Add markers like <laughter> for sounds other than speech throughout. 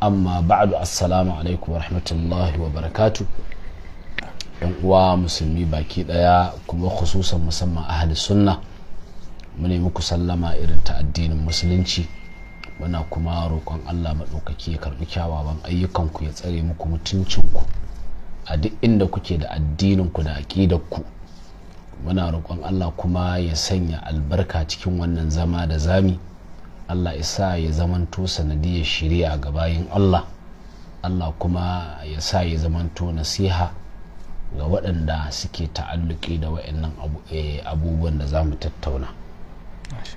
amma baadu assalamu alaikum wa rahmatullahi wa barakatu yan uwa musulmi baki daya kuma khususan musamman ahli sunna mu ne muku sallama irin ta addinin musulunci muna kuma roƙon Allah maɗaukaki ya karɓi kyawawan ayyukanku ya tsare muku mutuncinku a duk inda kuke da addininku da aƙidarku muna roƙon Allah kuma ya sanya albarka cikin wannan zama da zami Allah isa ya zamanto sanadiyar shari'a ga bayan Allah Allah kuma ya sa ya zamanto nasiha ga waɗanda suke ta'alluki da waɗannan eh, abubuwan da za mu tattauna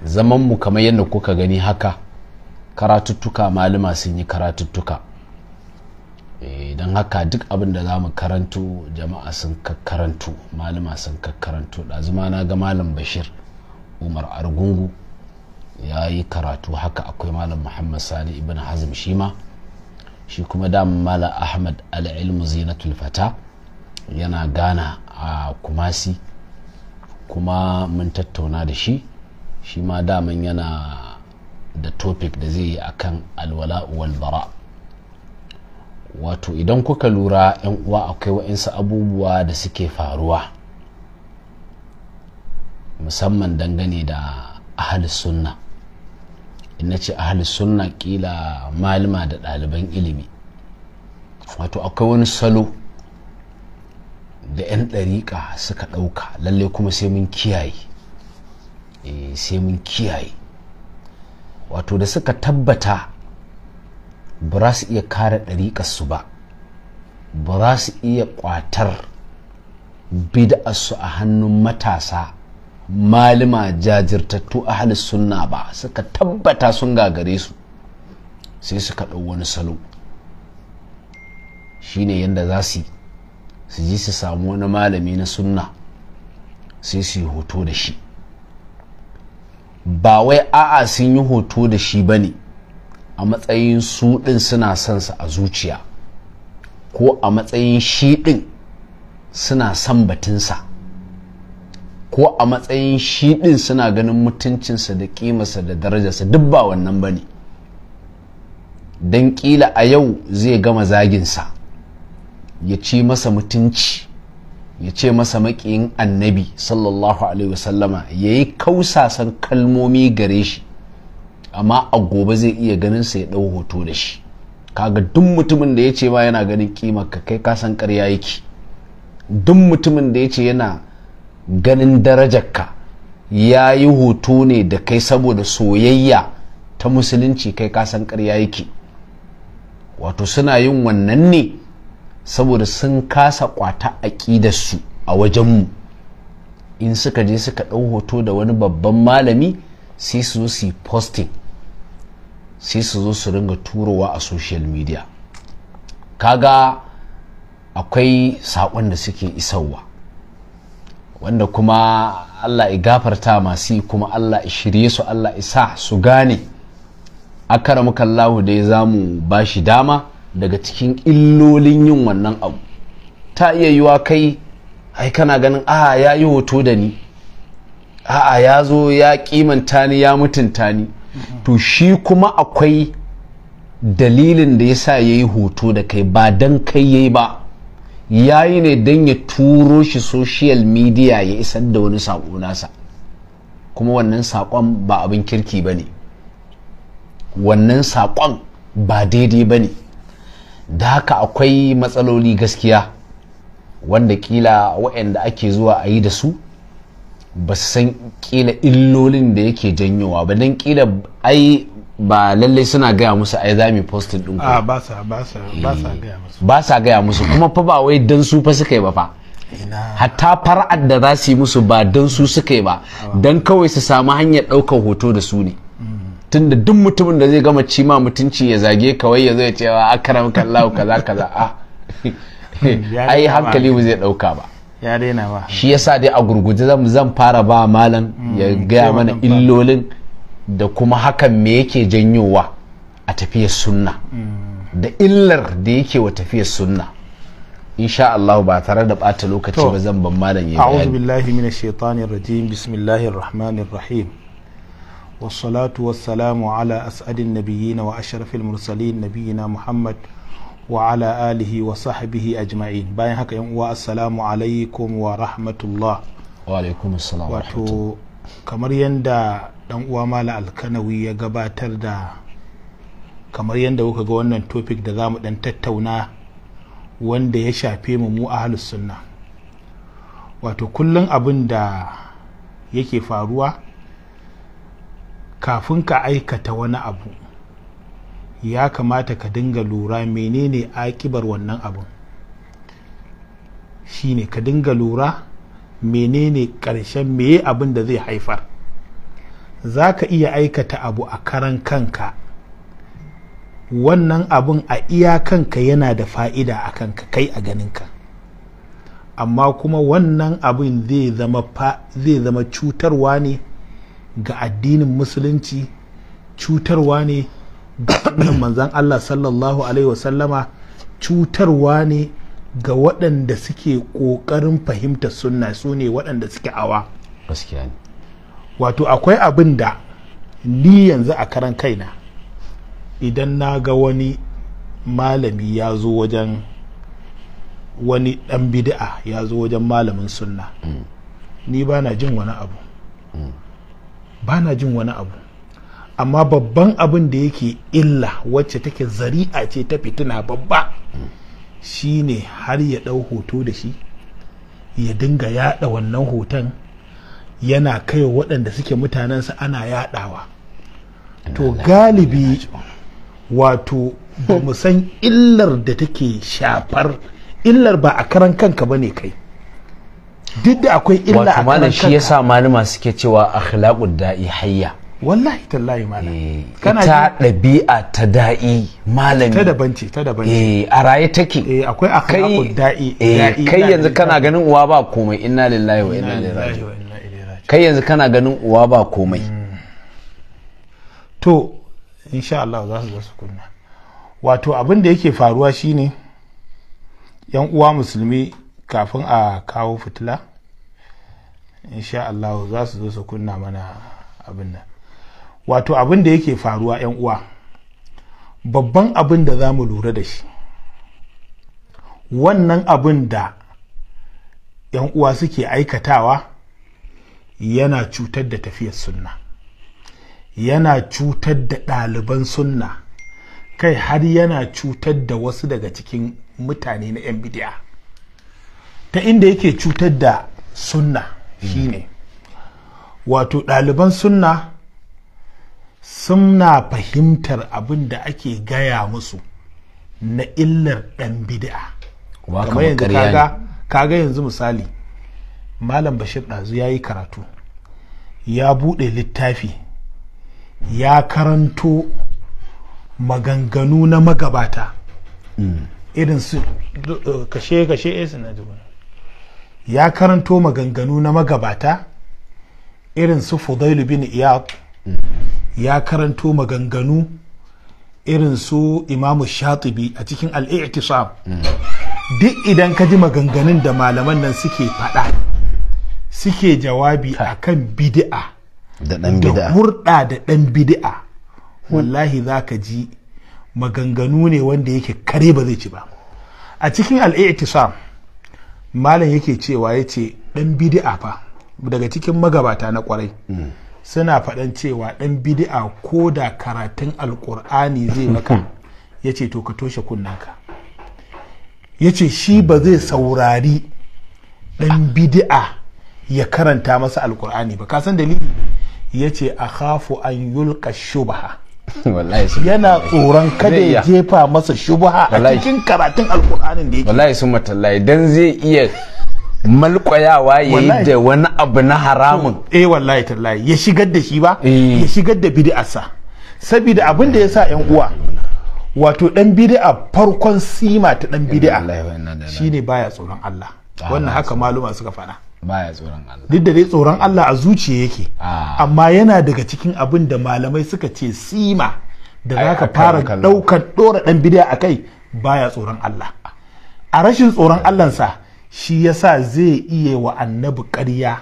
zamanmu kamar yadda kuka gani haka karatuttuka malama sun yi karatuttuka eh, don haka duk abin da za mu karantu jama'a sun karantu malama sun karantu ɗazuma na ga malam bashir umar argungu ya yi karatu haka akwai malam muhammad sani ibn hazm shi ma shi kuma dam malam ahmad al'ilmu zinatul fata yana gana a kumasi kuma mun tattauna da shi shi ma daman yana da topic da zai yi a kan wal bara wato idan kuka lura yan uwa akwai wa'insu abubuwa da suke faruwa musamman dangane da ahal sunna inna na ce hali sunna kila malama da ɗaliban ilimi wato akwai wani salo da 'yan ɗariƙa suka ɗauka lalle kuma sai mun kiyaye eh, sai mun kiyaye wato da suka tabbata ba za su iya kare su ba ba za su iya ƙwatar bid'a su a hannun matasa malima jajirtattu a halis sunna ba suka tabbata sun gagare su sai suka ɗau wani salo shine yadda za su su ji su samu wani malami na sunna sai su yi hoto da shi ba wai a'a sun yi hoto da shi ba ne a matsayin su ɗin suna son sa a zuciya ko a matsayin shi ɗin suna son batunsa ko a matsayin shi ɗin suna ganin mutuncinsa da ƙimarsa da darajarsa duk ba wannan ba ne don ƙila a yau zai gama zaginsa ya ci masa mutunci ya ce masa maƙiyin annabi sallallahu alaihi wasallama ya yi kausasan kalmomi gare shi amma a gobe zai iya ganin sa ya ɗau hoto da shi kaga duk mutumin da ya ce ba yana ganin kimar ka kai kasan karya yake duk mutumin da ya ce yana ganin darajarka ya yi hoto ne da kai saboda soyayya ta musulunci kai kasan karya yake wato suna yin wannan ne saboda sun kasa kwata a su a wajenmu in suka je suka ɗau hoto da wani babban malami sai su zo su yi posting sai su zo su ringa turowa a social media kaga akwai saƙon da suke isarwa wanda kuma Allah ya gafarta masu kuma Allah ya shirye su Allah ya sa su gane akaramuka Allahu ya za mu ba shi dama daga cikin illolin yin wannan abu ta iya yiwa kai ai kana ganin a ya yi hoto da ni a ya zo ya kimanta ni ya mutunta ni to shi kuma akwai dalilin da ya sa ya yi hoto da kai ba don kai ya yi ba ya yi ne don ya turo shi social media ya isar da wani saƙo nasa kuma wannan saƙon ba abin kirki ba ne wannan saƙon ba daidai ba ne da haka akwai matsaloli gaskiya wanda kila waɗanda ake zuwa a yi da su ba su san kila illolin da yake janyowa ba don kila ai ba lallai suna gaya musu ai za mu postin din ba sa gaya musu ba sa gaya musu kuma fa ba wai dan su fa suka yi ba fa hatta fara'ar da za su yi musu ba dan su suka yi ba dan kawai su samu hanyar ɗaukar hoto da su ne tunda duk mutumin da zai gama cima mutunci ya zage kawai ya zai cewa ah, karam kallahu kaza kaza ah. <laughs> a ai hankali ba zai ɗauka ba ya daina ba shi yasa dai a gurguje zan fara ba malam ya mm, gaya mana illolin da kuma hakan me yake janyowa a tafiyar sunna da illar da yake wa tafiyar sunna insha Allah ba tare da bata lokaci ba zan ban malam yayi a'udhu billahi minash shaitanir rajim bismillahir rahmanir rahim wassalatu wassalamu ala as'adin nabiyyina wa ashrafil mursalin nabiyyina muhammad wa ala alihi wa sahbihi ajma'in bayan haka yan uwa assalamu alaikum wa rahmatullah wa alaikum assalam kamar yadda dan uwa mala alkanawi ya gabatar da kamar yadda kuka ga wannan topic da za mu dan tattauna wanda ya shafe mu mu ahlus sunna wato kullum abin da yake faruwa kafin ka aikata wani abu ya kamata ka dinga lura menene akibar wannan abun shine ka dinga lura menene ƙarshen meye abin da zai haifar za ka iya aikata abu a karan kanka wannan abin a iya kanka yana da fa'ida a kanka kai a ganinka amma kuma wannan abin zai zama cutarwa ne ga addinin musulunci cutarwa ne ga manzan Allah sallallahu alaihi wasallama cutarwa ne ga waɗanda suke ƙoƙarin fahimtar sunna su ne waɗanda suke awa wato akwai abin da ni yanzu a karan kaina idan na ga wani malami ya zo wajen wani ɗan bid'a ya zo wajen malamin sunna mm. ni ba na jin wani abu mm. ba na jin wani abu amma babban abin da yake illa wacce take zari'a ce ta fitina babba shine har ya ɗau hoto da shi ya dinga yaɗa wannan hoton yana kai waɗanda suke mutanensa ana yaɗawa to galibi wato ba mu san illar da take shafar illar ba a karan kanka ba ne kai duk da akwai illa a karan kanka wato shi yasa malama suke cewa akhlaqud da'i hayya wallahi tallahi malam eh, kana ta dabi'a ta da'i malami ta daban ce ta daban ce eh a raye take eh akwai akhlaqud da'i eh kai yanzu kana ganin uwa ba komai inna lillahi wa inna ilaihi raji'un kai yanzu kana ganin uwa ba komai hmm. to insha Allah za su su kunna wato abin da yake faruwa shine yan uwa musulmi kafin a kawo fitila insha Allah za su zo su kunna mana abin nan wato abin da yake faruwa 'yan uwa babban abin da za mu lura da shi wannan abin da 'yan uwa suke aikatawa yana cutar da tafiyar sunna yana cutar da ɗaliban sunna kai har yana cutar da wasu daga cikin mutane na 'yan bidiya ta inda yake cutar da sunna shine hmm. wato ɗaliban sunna suna fahimtar abin da ake gaya musu na illar ɗan bid'a kamar yanzu kaga kaga yanzu misali malam bashir ɗazu ya yi karatu ya buɗe littafi ya karanto maganganu na magabata mm. irin su eh, kashe kashe eh, ya karanto maganganu na magabata irin su fudailu bin iyad ya karanto maganganu irin su imamu shatibi a cikin al'i'tisam duk idan ka ji maganganun da malaman nan suke faɗa suke jawabi a kan bidi'a da hurɗa da ɗan bidi'a wallahi za ka ji maganganu ne wanda yake kare ba zai ci ba a cikin al'i'tisam malam yake cewa ya ce ɗan bidi'a fa daga cikin magabata na kwarai. Mm. suna faɗan cewa ɗan bidi'a ko da karatun alƙur'ani zai maka <laughs> ya ce to ka toshe kunnaka ya ce shi ba zai saurari ɗan bidi'a ya karanta masa alƙur'ani ba kasan dalili ya ce a hafu an yulka shubaha <laughs> yana tsoron kada ya jefa masa shubaha a cikin karatun alƙur'anin da yake wallahi sun matallahi dan zai iya malkwayawa ya yi da wani abu na haramun eh wallahi tallahi ya shigar da shi ba eh. ya shigar da bid'arsa saboda abin da ya sa yan uwa wato dan bid'a farkon sima ta dan bid'a shine baya tsoron Allah ah, wannan haka maluma suka faɗa baya tsoron Allah duk dai tsoron Allah a zuciya yake ah. amma yana daga cikin abin da malamai suka ce sima da zaka fara daukar dora dan bid'a akai baya tsoron Allah a rashin tsoron Allah sa shi yasa zai iya wa annabi ƙarya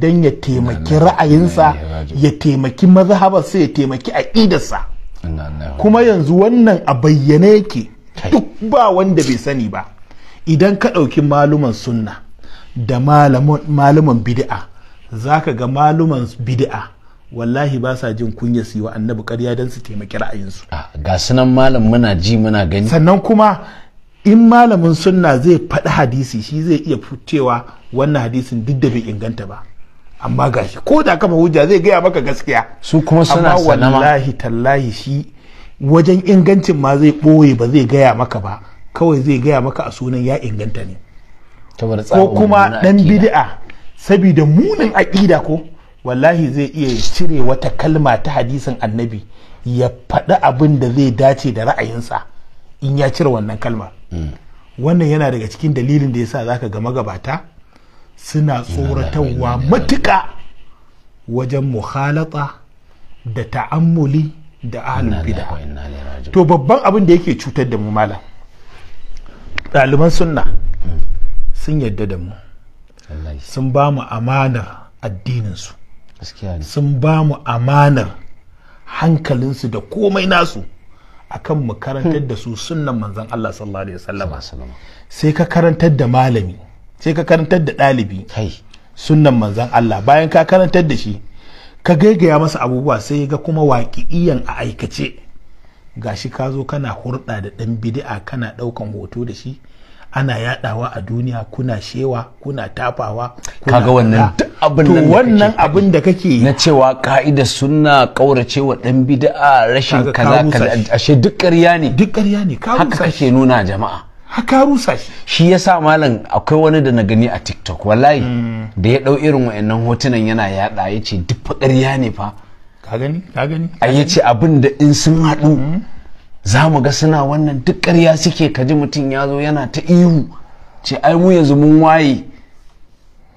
don ya taimaki ra'ayinsa ya taimaki mazhabarsa ya taimaki aƙidarsa kuma yanzu wannan a bayyane yake duk ba wanda bai sani ba idan ka ɗauki maluman sunna da maluman bid'a za ka ga maluman bid'a wallahi ba sa jin kunya su yi wa annabi karya don su taimaki ra'ayinsu ah, ga sunan malam muna ji muna gani sannan kuma in malamin sunna zai faɗi hadisi shi zai iya cewa wannan hadisin duk da bai inganta ba amma gashi ko da kama hujja zai gaya maka gaskiya su kuma suna sanama amma wallahi tallahi shi wajen ingancin ma zai ɓoye ba zai gaya maka ba kawai zai gaya maka a sunan ya inganta ne ko kuma dan bid'a saboda munin aƙida ko wallahi zai iya cire wata kalma ta hadisin annabi ya faɗi abin da zai dace da ra'ayinsa in ya cire wannan kalma hmm. wannan yana daga cikin dalilin da ya sa za ka ga magabata suna tsoratarwa matuka wajen muhalata da ta'ammuli da ahlul bida to babban abin da yake cutar da mu malam ɗaliban sunna hmm. sun yadda da mu sun ba mu amanar addininsu sun ba mu amanar hankalinsu da komai nasu akan mu karantar hmm. da su sunnan manzon Allah sallallahu alaihi wasallam sai ka karantar da malami sai ka karantar da ɗalibi sunnan manzon Allah bayan ka karantar da shi ka gaigaya masa abubuwa sai ga kuma waƙi'iyan a aikace gashi ka zo kana hurda da ɗan bidi'a kana ɗaukan hoto da shi ana yadawa a duniya kuna shewa kuna tafawa kaga wannan abin nan wannan abin da kake na cewa ka'ida sunna kauracewa dan bid'a rashin kaza kaza ashe duk ƙarya ne duk ƙarya ne ka haka kake nuna jama'a haka rusa shi shi yasa malam akwai wani da na gani a TikTok wallahi hmm. da ya dau irin wayannan hotunan yana yada yace duk ƙarya ne fa ka gani ka gani a yace abin da in sun hadu. Hmm. za mu ga suna wannan duk ƙarya suke kaji mutum ya zo yana ta ihu ce ai mu yanzu mun waye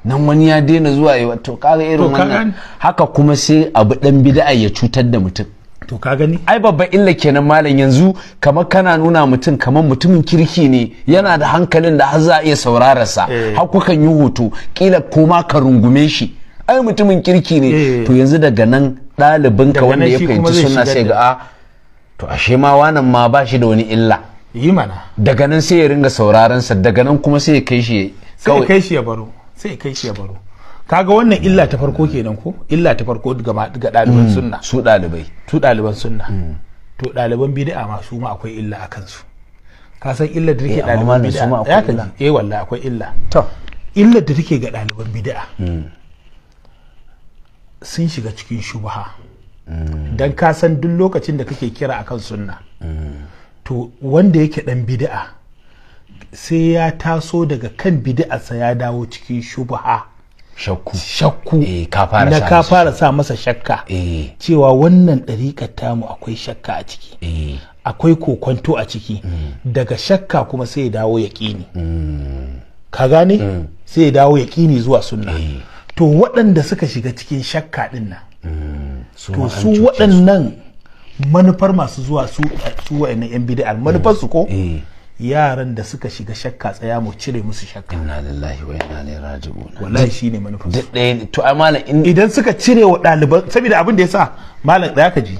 nan wani ya daina zuwa yi to kaga irin wannan haka kuma sai abu dan bid'a ya cutar da mutum to ka gani ai babban illa kenan malam yanzu kamar kana nuna mutum kamar mutumin kirki ne yana da hankalin da har za iya saurara sa eh. har kukan yi hoto kila koma ka rungume shi ai mutumin kirki ne eh. to yanzu daga nan ɗalibinka wanda ya fahimci suna sai ga a ah, to ashe ma wannan ma ba shi da wani illa yi mana daga nan sai ya ringa sauraron sa daga nan kuma sai ya kai shi sai ya kai shi ya baro sai ya kai shi ya baro kaga wannan illa ta farko kenan ko illa ta farko ga daliban mm, sunna su dalibai su daliban sunna mm. to daliban bid'a ma su ma akwai illa a kansu ka san illa da take daliban eh, bid'a ya kaji eh wallahi akwai illa to illa da take ga daliban bid'a mm. sun shiga cikin shubha don ka san duk lokacin da kake kira akan sunna to wanda yake dan bid'a sai ya taso daga kan bid'arsa ya dawo cikin shubha shakku na eh, ka fara sa masa shakka eh. cewa wannan ɗariƙar tamu akwai shakka a ciki eh. akwai kokwanto a ciki mm. daga shakka kuma sai ya dawo ya kini mm. ka gane mm. sai ya dawo ya kini zuwa sunna to waɗanda suka shiga cikin shakka ɗin nan to su waɗannan manufar masu zuwa su waɗannan 'yan bid'ar manufar su ko eh. yaran da suka shiga shakka tsaya mu cire musu shakka inna lillahi wa inna ilaihi raji'un wallahi shine manufar su to ai malam idan suka cire wa ɗaliban saboda abin da yasa malam da ka ji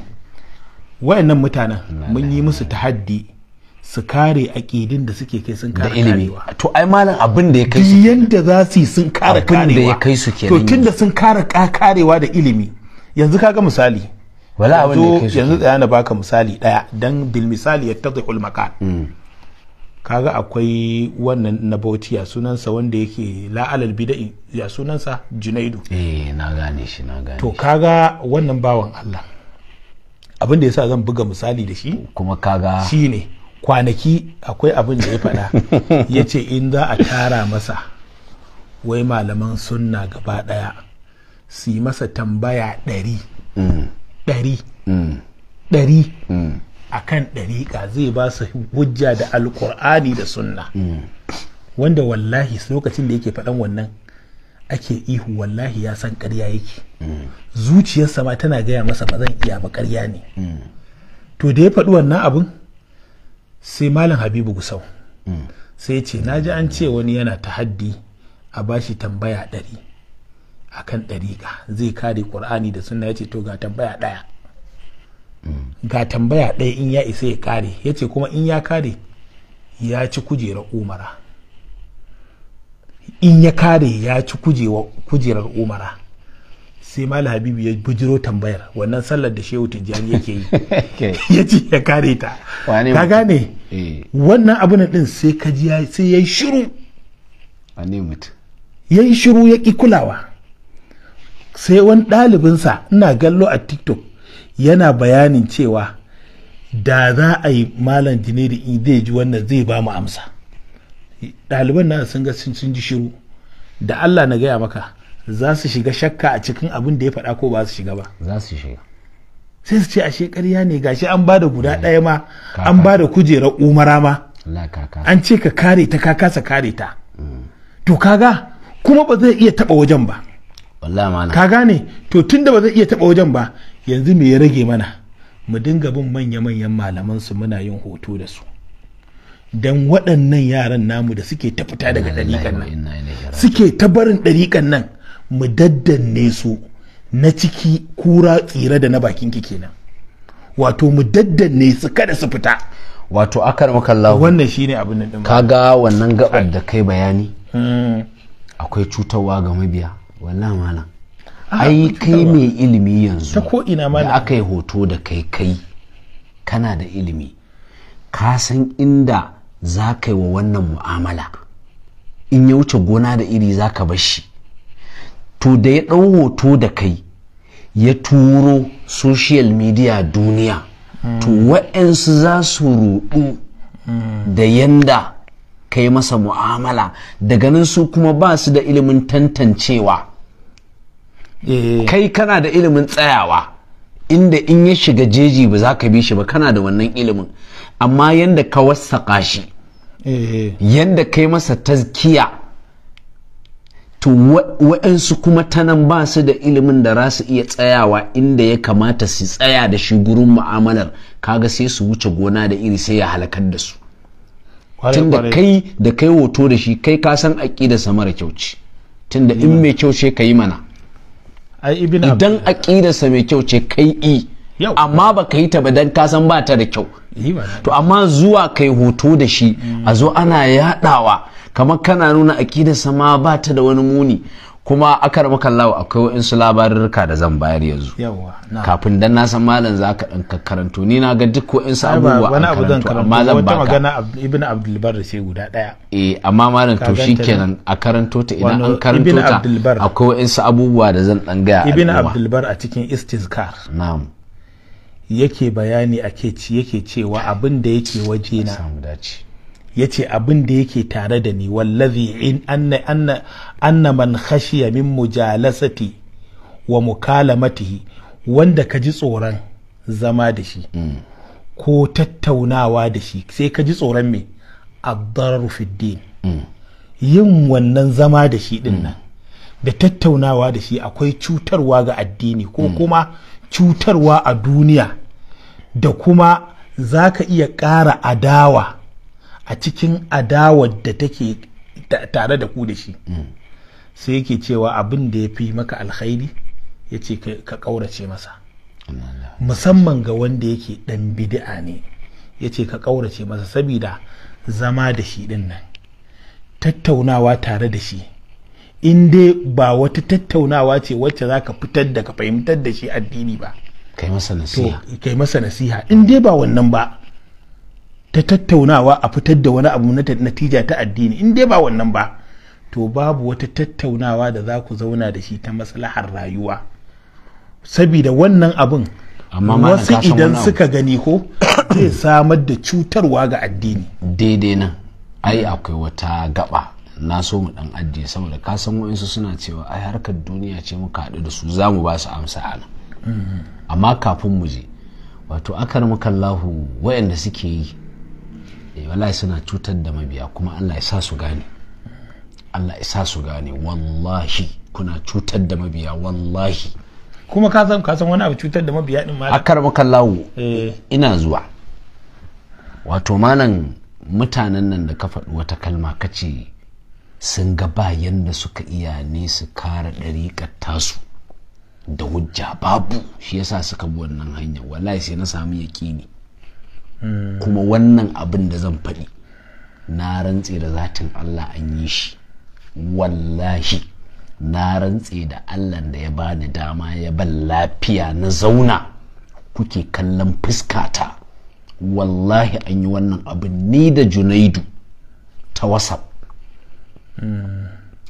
wayannan mutanen mun yi musu tahaddi su kare aƙidin da suke kai sun kare ilimi to ai malam abin da ya kai su yanda za su yi sun kare karewa abin da ya kai su to tunda sun kare karewa da ilimi yanzu kaga misali wala abin kai yanzu da na baka misali daya dan bil misali yattadihul makan mm. kaga akwai wannan na bauchi ya sunansa wanda yake la'alal bida'i ya sunansa junaidu eh na gane shi na gane to kaga wannan bawan Allah abin da yasa zan buga misali da shi kuma kaga shine kwanaki akwai abin da ya fada <laughs> yace in za a tara masa wai malaman sunna gaba daya. su yi masa tambaya ɗari mm. ɗari mm. ɗari mm. a kan ɗariƙa zai ba su hujja da alƙur'ani da sunna wanda wallahi lokacin da yake faɗan wannan ake ihu wallahi ya san ƙarya yake zuciyarsa ma tana gaya masa ba zan iya ba ƙarya ne to da ya faɗi wannan abin sai malam habibu gusau sai ce na ji an ce wani yana ta haddi a bashi tambaya ɗari akan ɗariƙa zai kare ƙur'ani da suna ya ce to ga tambaya ɗaya ga tambaya ɗaya in ya isa ya kare ya ce kuma in ya kare ya ci kujerar umara in ya kare ya ci kujerar umara sai mal habibu ya bujiro tambayar wannan sallar da shehu tijjani yake yi <laughs> <laughs> ya ce ya kare ta ka gane eh. wannan abin din sai ka ji sai ya yi shiru ya yi shiru ya ƙi kulawa sai wani ɗalibinsa ina gallo a tiktok yana bayanin cewa da za a yi malam jiniri in zai ji wannan zai ba mu amsa ɗaliban na sun ga sun ji shiru da allah na gaya maka za su shiga shakka a cikin abin da ya faɗa ko ba su shiga ba za su shiga sai su ce a ƙarya ne gashi an ba da guda mm. ɗaya ma an ba da kujerar umara ma an ce ka kare ta ka kasa kare ta mm. to kaga kuma ba zai iya taɓa wajen ba ka gane to da ba zai iya taba wajen ba yanzu me ya rage mana mu dinga bin manya-manyan malaman su muna yin hoto da su don waɗannan yaran namu da suke ta fita daga ɗariƙan nan suke ta barin ɗariƙan nan mu daddanne su na ciki kura tsira da na bakin ki kenan wato mu daddanne su kada su fita wato akar makallahu wannan shine abin da kaga wannan gabar da kai bayani hmm. akwai cutarwa ga mabiya wallahi malam ai kai mai ilimi yanzu da aka yi hoto da kai kai kana da ilimi ka san inda za ka yi wa wannan mu'amala in ya wuce gona da iri za ka bar shi to da ya ɗau hoto da kai ya turo social media duniya to hmm. wa'ansu za su ruɗu da yanda ka yi masa mu'amala daga nan su kuma ba su da ilimin tantancewa Eh. kai kana da ilimin tsayawa inda in ya shiga jeji ba za ka bi shi ba kana da wannan ilimin amma yanda ka wasaƙa shi eh. yanda kai masa tazkiya to waɗansu kuma tanan nan ba su da ilimin da za su iya tsayawa inda ya kamata su tsaya da shi gurin mu'amalar kaga sai su wuce gona da iri sai ya halakar da su tun da kai da kai hoto da shi kai ka san aƙi da samara tun da in mai kyau ce ka yi mana idan mai kyau ce kai i amma ba ka yi ta ba dan ka san ba ta da kyau to amma zuwa kai hoto da shi a zo ana yaɗawa kamar kana nuna aƙirarsa ma ba ta da wani muni kuma akar makallawa akwai wa'insu labarurka da zan bayar yanzu kafin dan na san malam za ka ɗan karanto ni na ga duk wa'insu abubuwa wani karanto zan amma zan baka magana ibn abdulbar sai guda ɗaya eh amma malam to shikenan a karanto ta idan an karanto ta akwai wa'insu abubuwa da zan ɗan gaya ibn abdulbar a cikin istizkar na'am yake bayani ci yake cewa abin da yake waje na samu dace ya ce abin da yake tare da ni wallazi in anna anna anna man khashiya min mujalasati wa mukalamatihi wanda ka ji tsoron zama da shi mm. ko tattaunawa da shi sai ka ji tsoron me ad-dararu din mm. yin wannan zama da shi din mm. da tattaunawa da shi akwai cutarwa ga addini ko kuma cutarwa a duniya da kuma za ka iya ƙara adawa a cikin adawar da take tare da ku da shi mm. sai yake cewa abin da ya fi maka alkhairi ya ce ka ƙaurace masa musamman ga wanda yake ɗan bidi'a ne ya ce ka ƙaurace masa sabida zama da shi ɗin nan tattaunawa tare da shi in dai ba wata tattaunawa ce wacce za ka fitar da ka fahimtar da shi addini ba kai masa nasiha in dai ba wannan ba ta tattaunawa a fitar da wani abu na natija ta addini in dai ba wannan ba to babu wata tattaunawa da za ku zauna da shi ta maslahar rayuwa sabida wannan abin wasu idan suka gani ko <coughs> zai samar da cutarwa ga addini daidai nan ai akwai wata gaba na so mu dan ajiye saboda ka san wa'insu suna cewa ai harkar duniya ce muka haɗu da su za mu ba su amsa ana mm-hmm. amma kafin mu je wato akar mukallahu waɗanda suke yi Eh, wallahi suna cutar da mabiya kuma Allah ya sa su gane Allah ya sa su gane wallahi kuna cutar da mabiya wallahi kuma ka san ka san wani abu cutar da mabiya din ma akar maka lawo eh. ina zuwa wato malam mutanen nan da ka faɗi wata kalma ka ce sun ga ba yanda suka iya ne su kara ɗariƙar tasu da hujja babu shi yasa suka bi wannan hanya wallahi sai na samu yaƙini kuma wannan abin da zan faɗi na rantse da zatin Allah an yi shi wallahi na rantse da Allah da ya bani dama ya ban lafiya na zauna kuke kallon fuskata wallahi an yi wannan abin ni da junaidu ta wasa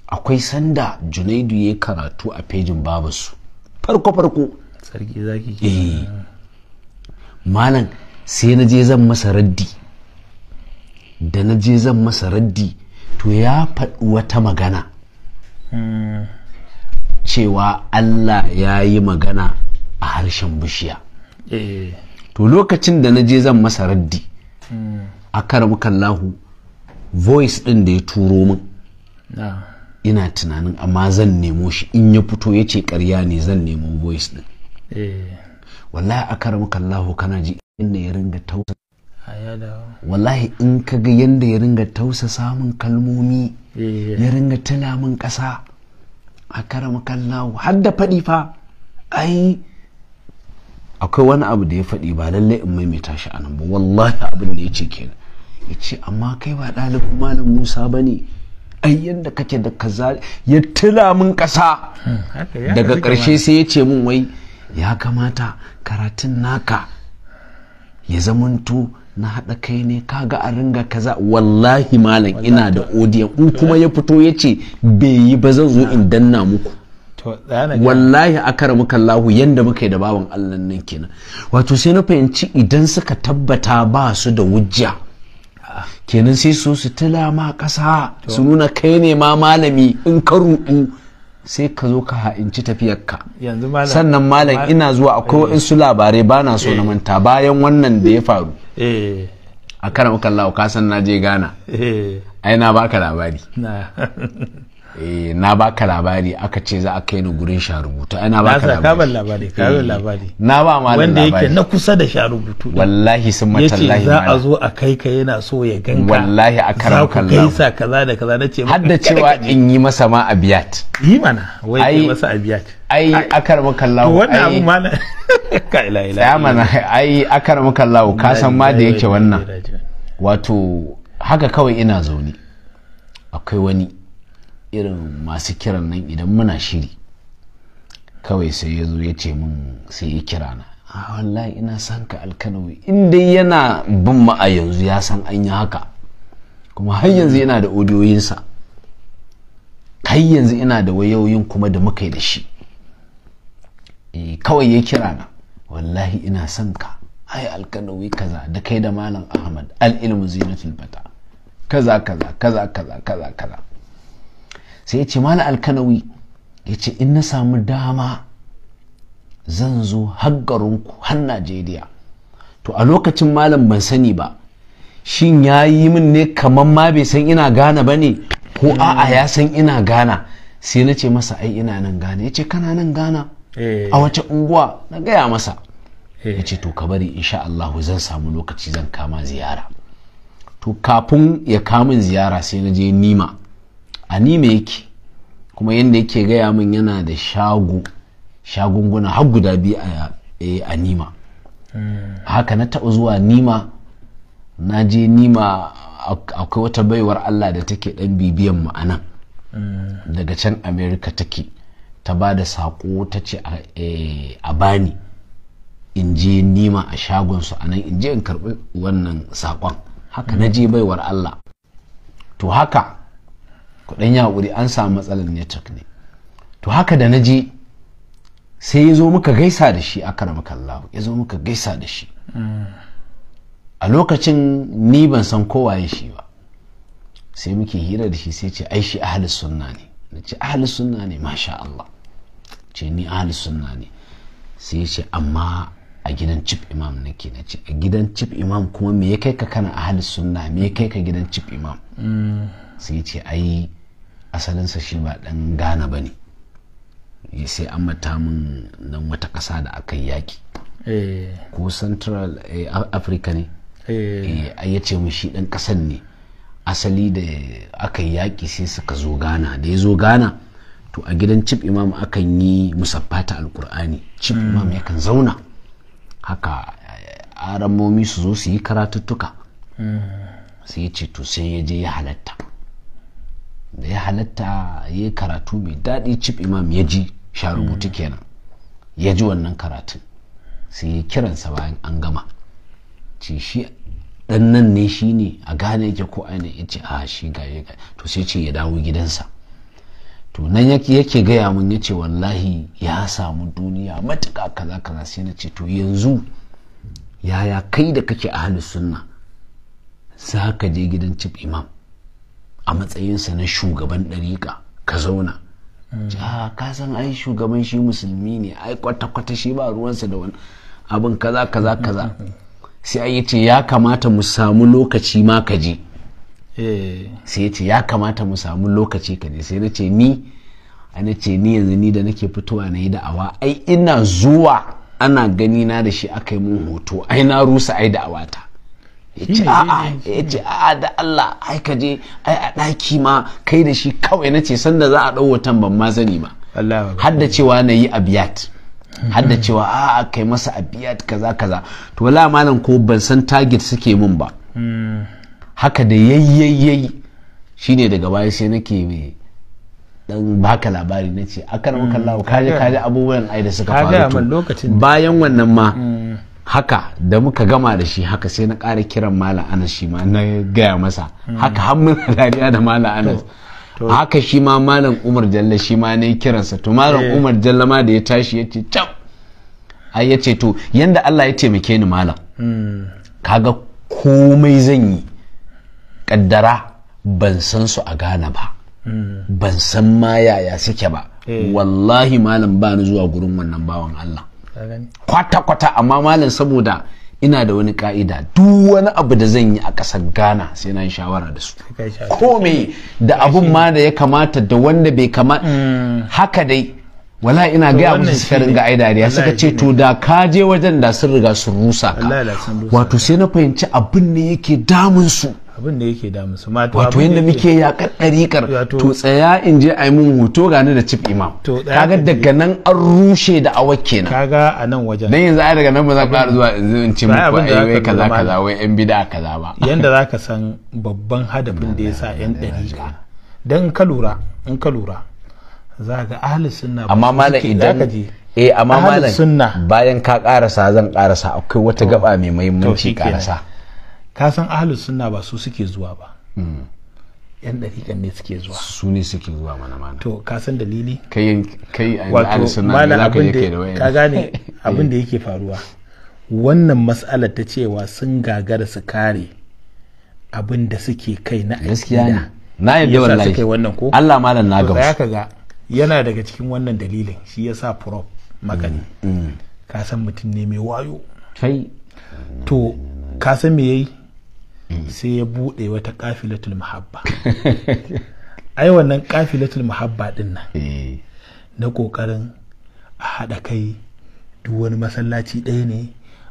akwai sanda junaidu ya karatu a fejin babasu farko-farko sarki zaki eh. malam sai na je zan masa raddi da na je zan masa raddi to ya faɗi wata magana cewa Allah ya yi magana a harshen bishiya eh. to lokacin da na je zan masa raddi hmm. a karamukan lahu voice ɗin da ya turo min ina tunanin amma zan nemo shi in ya fito ya ce karya ne zan nemo voice ɗin eh. wallahi a karamukan lahu kana ji yadda ya ringa tausa wallahi in ka ga yadda ya ringa tausa samun kalmomi eh. ya ringa tuna min ƙasa a karama kallahu har da faɗi fa ai akwai wani abu da ya faɗi ba lallai in maimaita shi anan ba wallahi abin da ya ce ke ya ce amma kai ba ɗalibin malam musa ba ne ai yadda kake da kaza ya tila min ƙasa hmm, daga ƙarshe sai ya ce min wai ya kamata karatun naka ya zamanto na haɗa kai ne kaga a ringa kaza wallahi malam ina da odiyan in kuma ya fito ya ce bai yi ba zan zo in danna muku wallahi akara muka lahu yanda muka yi da bawan allah nan kenan wato sai na fahimci idan suka tabbata ba su da wujja kenan sai su su tila ma ƙasa su nuna kai ne ma malami in ka ruɗu sai ka zo ka ha'inci tafiyarka sannan malam ina zuwa akwai eh. waɗansu labarai ba na so na eh. manta bayan wannan da ya faru eh. a karan ka kasan na je gana ai na baka labari <laughs> na eh, na baka labari aka ce za a kai ni gurin sharubutu ana baka labari ka ban labari eh, ka labari na ba ma wanda yake na kusa da sharubutu wallahi sun matallahi za a zo a kai ka yana so ya ganka wallahi a karan kallon za ku kaisa kaza da kaza nace har da cewa in yi masa ma abiyat yi mana wai yi masa abiyat ai akar kallahu to wannan abu <laughs> mana ka ila ila ya mana ai akar maka kallahu ka san ma da yake wannan wato haka kawai ina zaune akwai wani irin masu kiran nan idan muna shiri kawai sai ya zo ya ce min sai ya kira na a wallahi ina son ka alkanawi inda yana bin ma a yanzu ya san an yi haka kuma har yanzu yana da odiyoyinsa har yanzu ina da wayoyin kuma da muka yi da shi eh, kawai ya kira na wallahi ina san ka ai alkanawi kaza da kai da malam ahmad al ilmu zinatul bata kaza kaza kaza kaza kaza kaza sai ya ce mala alkanawi ya ce in na samu dama zan zo haggarinku har najeriya to a lokacin malam ban sani ba shin ya yi min ne kamar ma bai san ina gana ba ne ko hmm. a'a ya san ina gana sai na ce masa ai ina nan gana ya ce kana nan gana eh. a wace unguwa na gaya masa eh. ya ce to ka bari insha Allahu zan samu lokaci zan kama ziyara to kafin ya kamun ziyara sai na je nima a me yake kuma yadda yake gaya min yana da shago shagunguna har guda biyu a nima haka na taɓa zuwa nima na je nima akwai wata baiwar allah da take ɗan bibiyan mu anan daga can america take ta ba da saƙo ta ce a bani in je nima a shagonsu a nan in je in karɓi wannan saƙon haka na je baiwar allah to haka ku ya wuri an samu matsalar network ne to haka da naje sai ya zo muka gaisa da shi akramaka Allah ya zo muka gaisa da shi a lokacin ni ban san kowa ya shi ba sai muke hira da shi sai ce ai shi ahli sunna ne na ce ahli sunna ne masha Allah ce ni ahli sunna ne sai ya ce amma a gidan chief imam nake na ce a gidan chief imam kuma me ya kai ka kana ahli sunna me ya kai ka gidan chief imam mm. sai ce ai asalinsa shi ba ɗan ghana ba ne sai an mata min nan wata ƙasa da aka yi yaƙi eh. ko central eh, africa ne eh. ya ce mu shi ɗan ƙasan ne asali da aka yi yaƙi sai suka zo ghana da ya zo ghana to a gidan cif imam akan yi musaffata alkur'ani cif hmm. imam yakan zauna haka aramomi su zo su yi karatuttuka hmm. sai ya ce to sai ya je ya halatta da ya halatta ya karatu mai daɗi cip imam ya ji sha hmm. rubutu kenan ya ji wannan karatun sai ya kiransa bayan an gama ce shi ɗan nan ne shi ne a gane yake ko aina ya ce a ah, shi ga to sai ce ya dawo gidansa to nan yake gaya mun ya ce wallahi ya samu duniya matuka kaza kaza sai na ce to yanzu yaya kai da kake a halin sunna za ka je gidan cip imam a matsayinsa na shugaban ɗariƙa ka zauna mm. ka san ai shugaban shi musulmi ne ai kwata-kwata shi ba ruwansa da wani abin kaza kaza kaza <laughs> sai ya ce ya kamata mu samu lokaci ma ka je eh. sai ya ce ya kamata mu samu lokaci ka je sai na ce ni na ce ni yanzu ni da nake fitowa na yi da'awa ai ina zuwa ana gani na da shi aka yi mun hoto ai na rusa ai da'awata ya ce a'a da Allah ai je ai a ɗaki ma kai da shi kawai na ce sanda za a ɗau watan ban ma sani ba har cewa na yi abiyat har da cewa a'a kai masa abiyat kaza kaza to wala malam ko ban san target suke mun ba hmm. haka da yayyayyayi shine daga baya sai nake mai dan baka labari na ce akar maka Allah kaje kaje hmm. abubuwan ai da suka faru bayan wannan ma hmm. haka da muka gama da shi haka sai na ƙara kiran malam anas shi ma na gaya masa haka har muna <laughs> dariya da malam anas haka shi ma malam umar jalla shi ma na kiransa to malam eh. umar jalla ma da ya tashi ya ce cam ai ya ce to yadda allah ya taimake ni malam hmm. kaga komai zan yi kaddara ban san su a gana ba hmm. ban san ma yaya suke ba eh. wallahi malam ba ni zuwa gurin wannan bawan allah kwata-kwata amma malam saboda ina da wani ka'ida duk wani abu da zan yi a ƙasar ghana sai na yi shawara da su kome da abun ma da ya kamata da wanda bai kamata mm. haka dai wala ina gaya musu suka ringa ai dariya suka ce to da ka je wajen da sun riga sun rusa ka wato sai na fahimci abin ne yake damun su abin da yake damu su mata wato yadda muke ya ɗariƙar to tsaya in je a yi mun hoto gani da cif imam kaga daga nan an rushe da awa kenan kaga a nan wajen dan yanzu ai daga nan ba za ka zuwa in ce muku ai eh, wai kaza kaza wai yan bida kaza ba yanda za ka san babban hadafin da ya sa yan dari. dan ka lura in ka lura za ga ahli sunna amma malam idan eh amma malam bayan ka karasa zan karasa akwai wata gaba mai muhimmanci karasa ka san ahlus sunna ba su suke zuwa ba hmm. yan dariƙan ne suke zuwa su ne suke zuwa mana mana to ka san dalili kai kai ahlus sunna ne da wayan ka gane <laughs> abin da yake faruwa wannan mas'ala ta cewa sun gagara su kare abin da suke kai na gaskiya ne na yadda wallahi wannan ko Allah malam na gamsu ka ga yana daga cikin wannan dalilin shi yasa prop magani hmm, hmm. ka san mutum ne mai wayo to ka san me yayi sai ya buɗe wata kafilatul muhabba <laughs> ai wannan kafilatul muhabba din nan eh. na kokarin a haɗa kai duk wani masallaci ɗaya ne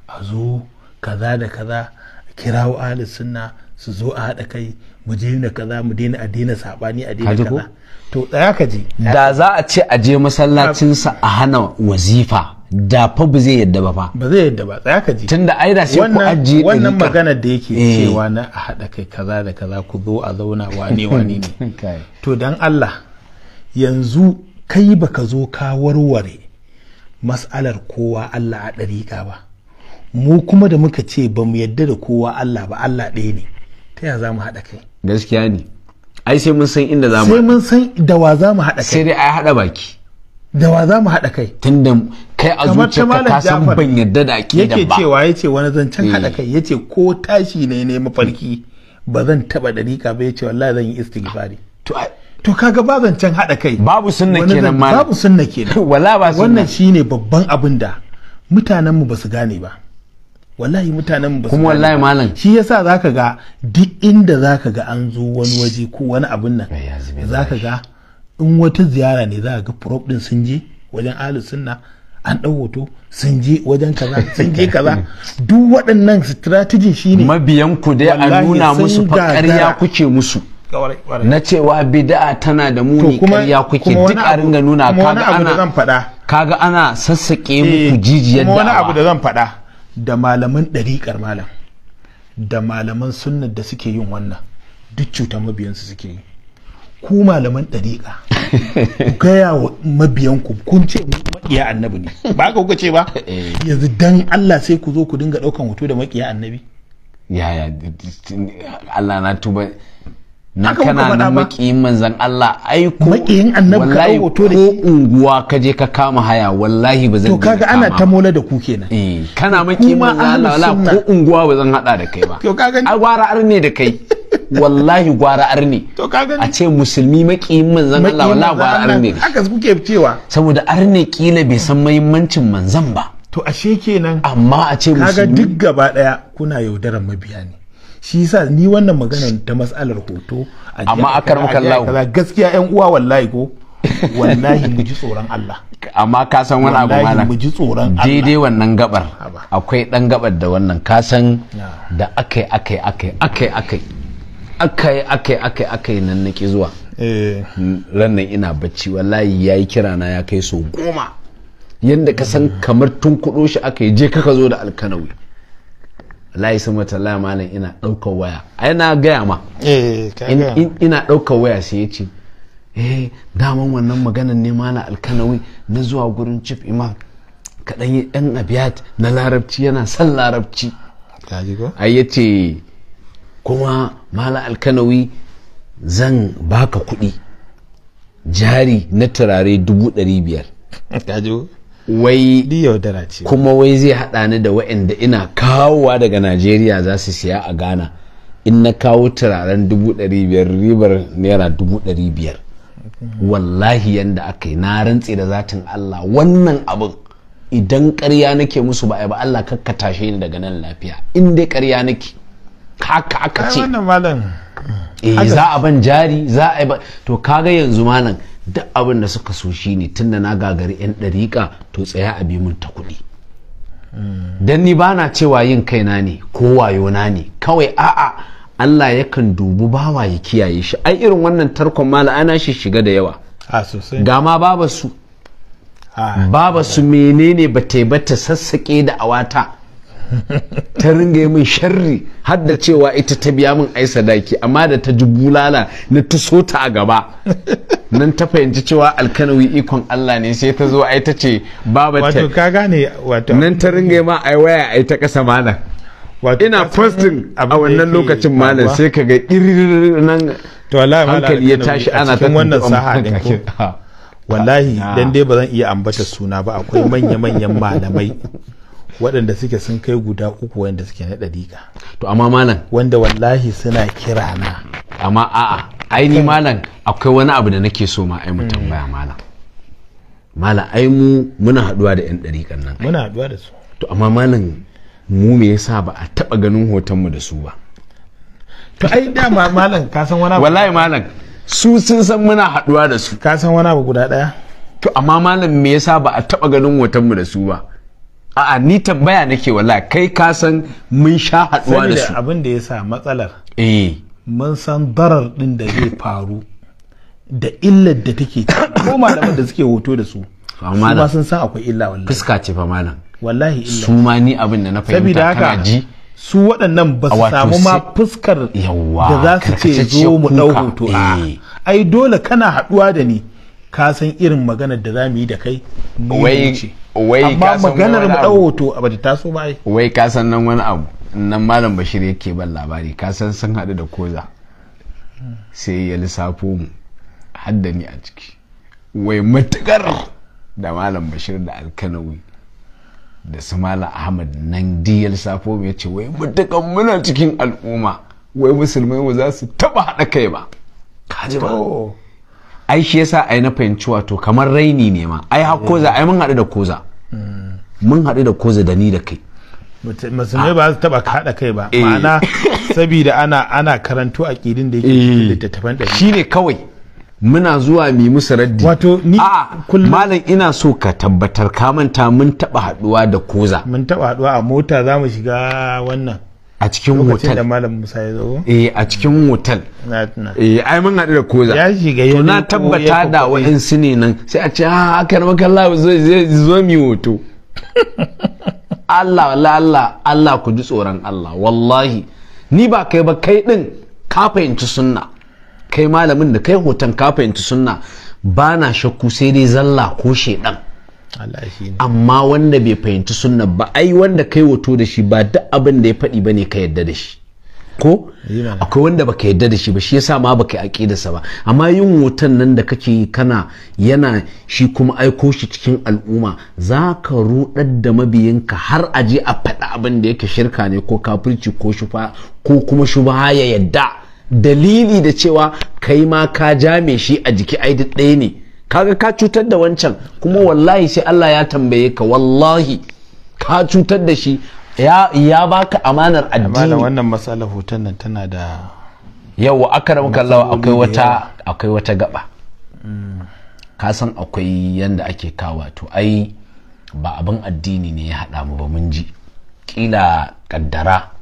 a zo kaza da kaza kirawo ahalin sunna su zo a haɗa kai mu da kaza mu daina a daina saɓani a daina kaza to ka je da za a ce a je masallacinsa a hana wazifa da fa ba zai yadda ba fa ba zai yadda ba tsaya ka ji tunda ai da shi ku aji wannan magana da yake eh. cewa na a haɗa kai kaza da kaza ku zo a zauna wane wane ne <laughs> to dan Allah yanzu kai baka zo ka warware mas'alar kowa Allah a dariƙa ba mu kuma da muka ce ba mu yadda da kowa Allah ba Allah ɗaya ne ta ya za mu haɗa kai gaskiya ne ai sai mun san inda za mu sai mun san da wa za mu haɗa kai sai dai ai haɗa baki da wa za mu haɗa kai tunda kai a zuciya ka san ban yadda da aƙidan ba yake cewa ce wani zancen haɗa eh. kai ya ce ko tashi ne ne mafarki ba zan taɓa dariƙa ba ce wallahi zan yi istighfari to kaga ba zancen haɗa kai babu sunna kenan ma babu sunna kenan <laughs> wala ba sunna wannan shine babban abin da mutanen mu basu gane ba wallahi mutanen mu basu kuma wallahi malam shi yasa zaka ga duk inda zaka ga an zo wani waje ko wani abin nan zaka ga in wata ziyara ne za a ga prop din sun je wajen ahli sunna an dau hoto sun je wajen kaza sun je kaza <laughs> duk waɗannan strategy shine mabiyan ku dai a nuna musu fa kuke musu na cewa bid'a tana da muni ƙarya kuke duk a ringa nuna kaga ana kaga ana sassaƙe eh, muku jijiyar da wani abu da zan faɗa da malaman ɗariƙar malam da malaman sunnar da suke yin wannan duk cutar mabiyansu suke yi ku malaman ɗariƙa ku gaya wa mabiyanku kun ce maƙiya annabi ne ba ka kuka ce ba <laughs> eh. yanzu dan Allah sai ku zo ku dinga ɗaukan hoto da maƙiya annabi yaya Allah na tuba na kana nan makiyin manzan Allah ai ko makiyin annabi ka hoto da ko unguwa ka je ka kama haya wallahi ba zan to kaga ana ta mola da ku kenan eh kana makiyin manzan Allah ko unguwa ba zan hada da kai ba to kaga ai gwara arne da kai <laughs> wallahi gwara arne to kaga a ce musulmi makiyin manzan Allah wallahi gwara arne haka kuke cewa saboda arne kila bai san muhimmancin manzan ba to ashe kenan amma a ce musulmi kaga duk gaba daya kuna yaudaran mabiya ne shi sa ni wannan maganar ta matsalar hoto amma akar mukallahu gaskiya yan uwa wallahi ko wallahi mu ji tsoron Allah <laughs> amma ka san wani abu malam mu ji tsoron Allah daidai wannan gabar akwai dan gabar da wannan ka san da akai akai akai akai akai akai akai akai akai nan nake zuwa eh. rannan ina bacci wallahi yi kira na ya kai so goma yadda ka san kamar tun kudo shi aka je kaka zo da alkanawi layi sama ta layi malam ina ɗaukar waya ai na gaya ma eh, ina ɗaukar waya sai ya ce eh daman wannan maganar ne na alkanawi na zuwa gurin chief imam kaɗan yi ɗan abiyat na larabci yana san larabci ai ya ce kuma mala alkanawi zan baka kuɗi jari na turare dubu ɗari biyar wai kuma wai zai haɗa ni da waɗanda ina kawowa daga najeriya za su siya a ghana in na kawo turaren 500 ribar naira biyar. wallahi yadda aka yi na rantse da zatin allah wannan abin idan karya nake musu ba ba allah kakka tashe ni daga nan lafiya in dai karya nake haka aka ce eh, za a ban jari za a yi ba to kaga yanzu malam duk abin da suka so shi ne tun da na gagari 'yan ɗariƙa to tsaya a bi mun ta kuɗi don ni ba na cewa yin kaina ne ko wayona ne kawai a'a Allah yakan dubu bawa ya kiyaye shi ai irin wannan tarkon mala ana shi shiga da yawa ga ma babasu su menene ba ta sassaƙe da awata ta ringa yi min sharri har da cewa ita ta biya min aisa sadaki amma da ta ji bulala na tuso ta a gaba nan ta fahimci cewa alkanawi ikon Allah ne sai ta zo ai ta ce baba ta wato ka gane wato nan ta ringa yi ma ai waya ai ta kasa malam ina posting a wannan lokacin malam sai ka ga irin nan hankali ya tashi ana ta wannan saha din wallahi dan dai ba zan iya ambata suna ba akwai manya-manyan malamai waɗanda suke sun kai guda uku wanda suke na ɗariƙa to amma malam wanda wallahi suna kira na amma a'a aini malam akwai wani abu da nake so ma ai mu hmm. tambaya malam malam ai mu muna haɗuwa da 'yan ɗariƙan nan muna haɗuwa da su to amma malam mu me yasa ba a taɓa ganin hotonmu da su ba to ai dama malam ka san wani abu wallahi malam su sun san muna haɗuwa da su ka san wani abu guda ɗaya to amma malam me yasa ba a taɓa ganin hotonmu da su ba a'a ni tambaya nake wala kai ka san mun sha haduwa da su abin da ya sa matsalar eh mun san darar din da zai faru da illar da take ko malaman da suke hoto da su su ma sun san akwai illa wallahi fuska ce fa malam wallahi illa su ma ni abin da na fahimta kana ji su waɗannan ba su samu ma fuskar da za su ce zo mu ɗau hoto eh. ai dole kana haɗuwa da ni ka san irin maganar da za mu yi da kai mu ce. wai ka san maganar mu dau hoto ba ta taso ba ai wai ka san nan wani abu nan malam bashir yake ban labari ka san sun hadu da koza sai ya lissafo mu haddani a ciki wai matukar da malam bashir da alkanawi da su malam ahmad nan di ya lissafo mu ya ce wai matukar muna cikin al'umma wai musulmai ba za su taba haɗa kai ba ji ba ai shi yasa ai na fahimci wato kamar raini ne ma ai har koza ai mun haɗu da koza mun haɗu da koza da ni da kai musulmai ba su taba haɗa kai ba eh. ma'ana saboda ana ana karanto a ƙirin da yake eh. littattafan da shine kawai muna zuwa mi musu raddi wato ni malam ina so ka tabbatar ka manta mun taba haɗuwa da koza mun taba haɗuwa a mota za mu shiga wannan a cikin hotel da malam Musa ya zo eh a cikin hotel eh ai mun hadu da koza ya shiga to na tabbata da su ne nan sai a ce ha ah, aka na maka Allah zai zo mi hoto <laughs> Allah wallahi Allah Allah ku ji tsoron Allah wallahi ni ba kai ba kai din ka fahimci sunna kai malamin da kai hoton ka fahimci sunna ba na shakku sai dai zalla ko shedan amma wanda bai fahimci sunna ba ai wanda kai wato da shi ba duk abin da ya faɗi ba ne ka yadda da shi ko akwai wanda baka yadda da shi ba shi yasa ma baka yi sa ba amma yin wutan nan da kake kana yana shi kuma aiko shi cikin al'umma za ka ruɗar da mabiyinka har a je a faɗa abin da yake shirka ne ko kafirci ko shufa ko kuma shubaha ya yadda dalili da cewa kai ma ka jame shi a jiki ai ɗaya ne kaga ka cutar da wancan kuma wallahi sai Allah ya tambaye ka wallahi ka cutar da shi ya baka amanar addini wannan matsalar hoton nan tana da yawa akaram kallawa akwai wata akwai wata gaba mm. ka san akwai yanda ake kawa to ai ba abin addini ne ya haɗa mu ba mun ji kila kaddara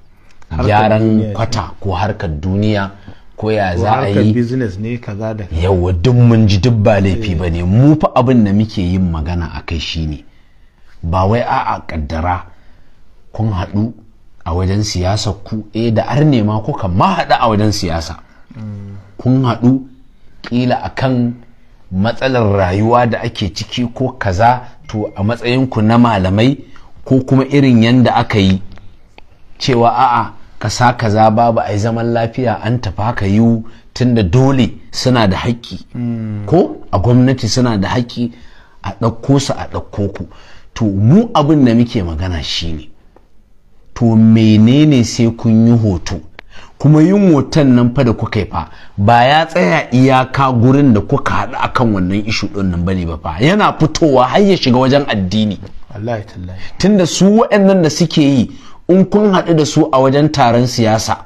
gyaran kwata ko harkar duniya ko ya za a yi business ne duk mun ji duk ba laifi eh. ba ne mu fa abin da muke yin magana a kai shine ba wai a'a kaddara kun haɗu a wajen siyasa ku eh da ar ne ma kuka ma haɗu a wajen siyasa mm. kun haɗu kila a kan matsalar rayuwa da ake ciki ko kaza to a matsayinku na malamai ko kuma irin yanda aka yi cewa a'a ƙasa kaza babu ai zaman lafiya an tafi haka yiwu tunda dole suna da haƙƙi hmm. ko a gwamnati suna da haƙƙi a ɗauko su a ɗauko ku to mu abin da muke magana shine to menene sai kun yi hoto kuma yin hoton nan fa da kuka yi fa ba ya tsaya iyaka gurin da kuka haɗu akan wannan ishu ɗin nan bane ba fa yana fitowa har ya shiga wajen addini tun da su waɗannan da suke yi in kun haɗu da su a wajen taron siyasa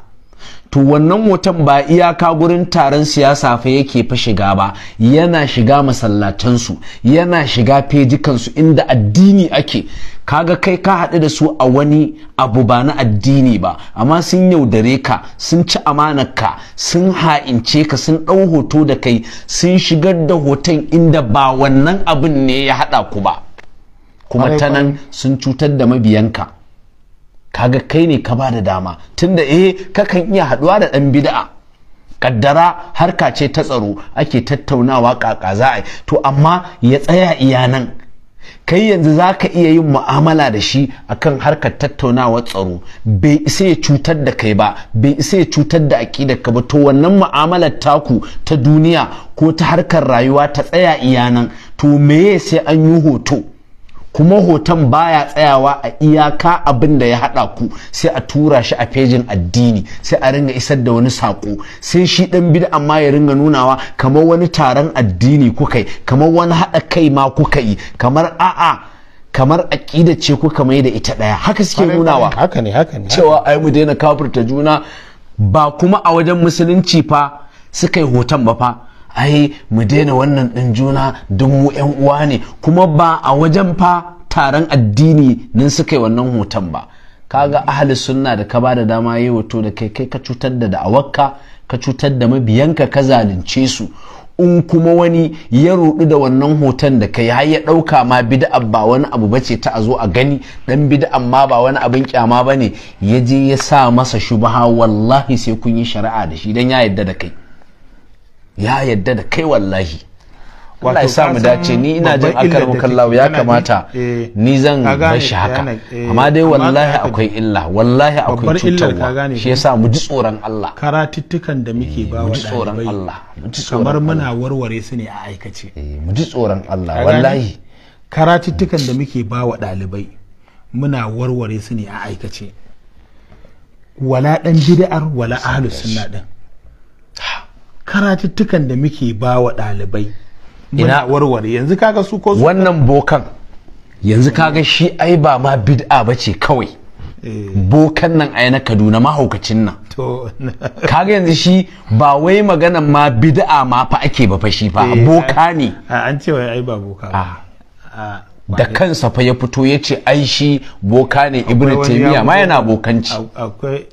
to wannan mutum ba iyaka gurin taron siyasa fa yake fa shiga ba yana shiga masallatansu yana shiga fejikansu inda addini ake kaga kai ka haɗu da su a wani abu ba na addini ba amma sun yaudare ka sun ci ka sun ha'ince ka sun ɗau hoto da kai sun shigar da hoton inda ba wannan abin ne ya haɗa ku ba kuma ta nan sun cutar da mabiyanka kaga kai ne ka ba da dama tunda eh kakan iya haduwa da dan bid'a kaddara harka ce ta tsaro ake tattaunawa kaka za a to amma ya tsaya iya nan kai yanzu za ka iya yin mu'amala da shi akan harkar tattaunawa tsaro bai isa ya cutar da kai ba bai isa ya cutar da aƙidar ka ba to wannan mu'amalar taku ta duniya ko ta harkar rayuwa ta tsaya iya nan to meye sai an yi hoto kuma hoton baya tsayawa a iyaka abin da ya haɗa ku sai a tura shi a fejin addini sai a ringa isar da wani sako sai shi ɗan bida amma ya ringa nunawa kamar wani taron addini kuka yi kamar wani haɗa kai ma kuka yi kamar a'a kamar aƙida ce kuka mai da ita ɗaya haka suke nunawa haka ne haka ne cewa ai mu daina kafirta juna ba kuma a wajen musulunci fa suka yi hoton ba fa ai mu daina wannan ɗin juna duk mu 'yan uwa ne kuma ba a wajen fa taron addini nan suka yi wannan hoton ba kaga ahli sunna da ka bada dama yi wato da kai kai ka cutar da da'awarka ka cutar da mabiyanka ka zalunce su in kuma wani ya rudu da wannan hoton da kai har ya dauka ma bid'a ba wani abu bace ta a zo a gani dan bid'a ma ba wani abin kyama bane ya je ya sa masa shubha wallahi sai kun yi shari'a da shi dan ya yadda da kai ya yadda da kai wallahi Allah ya samu dace ni ina jin akar mukallawa ya kamata eh, ni zan bashi haka eh, amma dai wallahi akwai illa wallahi akwai cutarwa shi yasa mu ji tsoron Allah karatuttukan da muke eh, ba wa tsoron Allah kamar muna warware su ne a aikace mu ji tsoron Allah wallahi karatuttukan da muke ba wa ɗalibai muna warware su ne a aikace wala dan bid'ar wala ahlus sunna din karatuttukan da muke ba wa ɗalibai ina warware yanzu kaga su ko wannan bokan yanzu kaga shi ai ba ma bid'a ba ce kawai eh. bokan nan ai na kaduna mahaukacin nan kaga yanzu shi ba wai magana ma bid'a ma fa ake ba fa shi fa eh, boka ne an ce wai ai ba boka ba da kansa fa ya fito ya ce ai shi boka ne ibn taymiya ma yana bokanci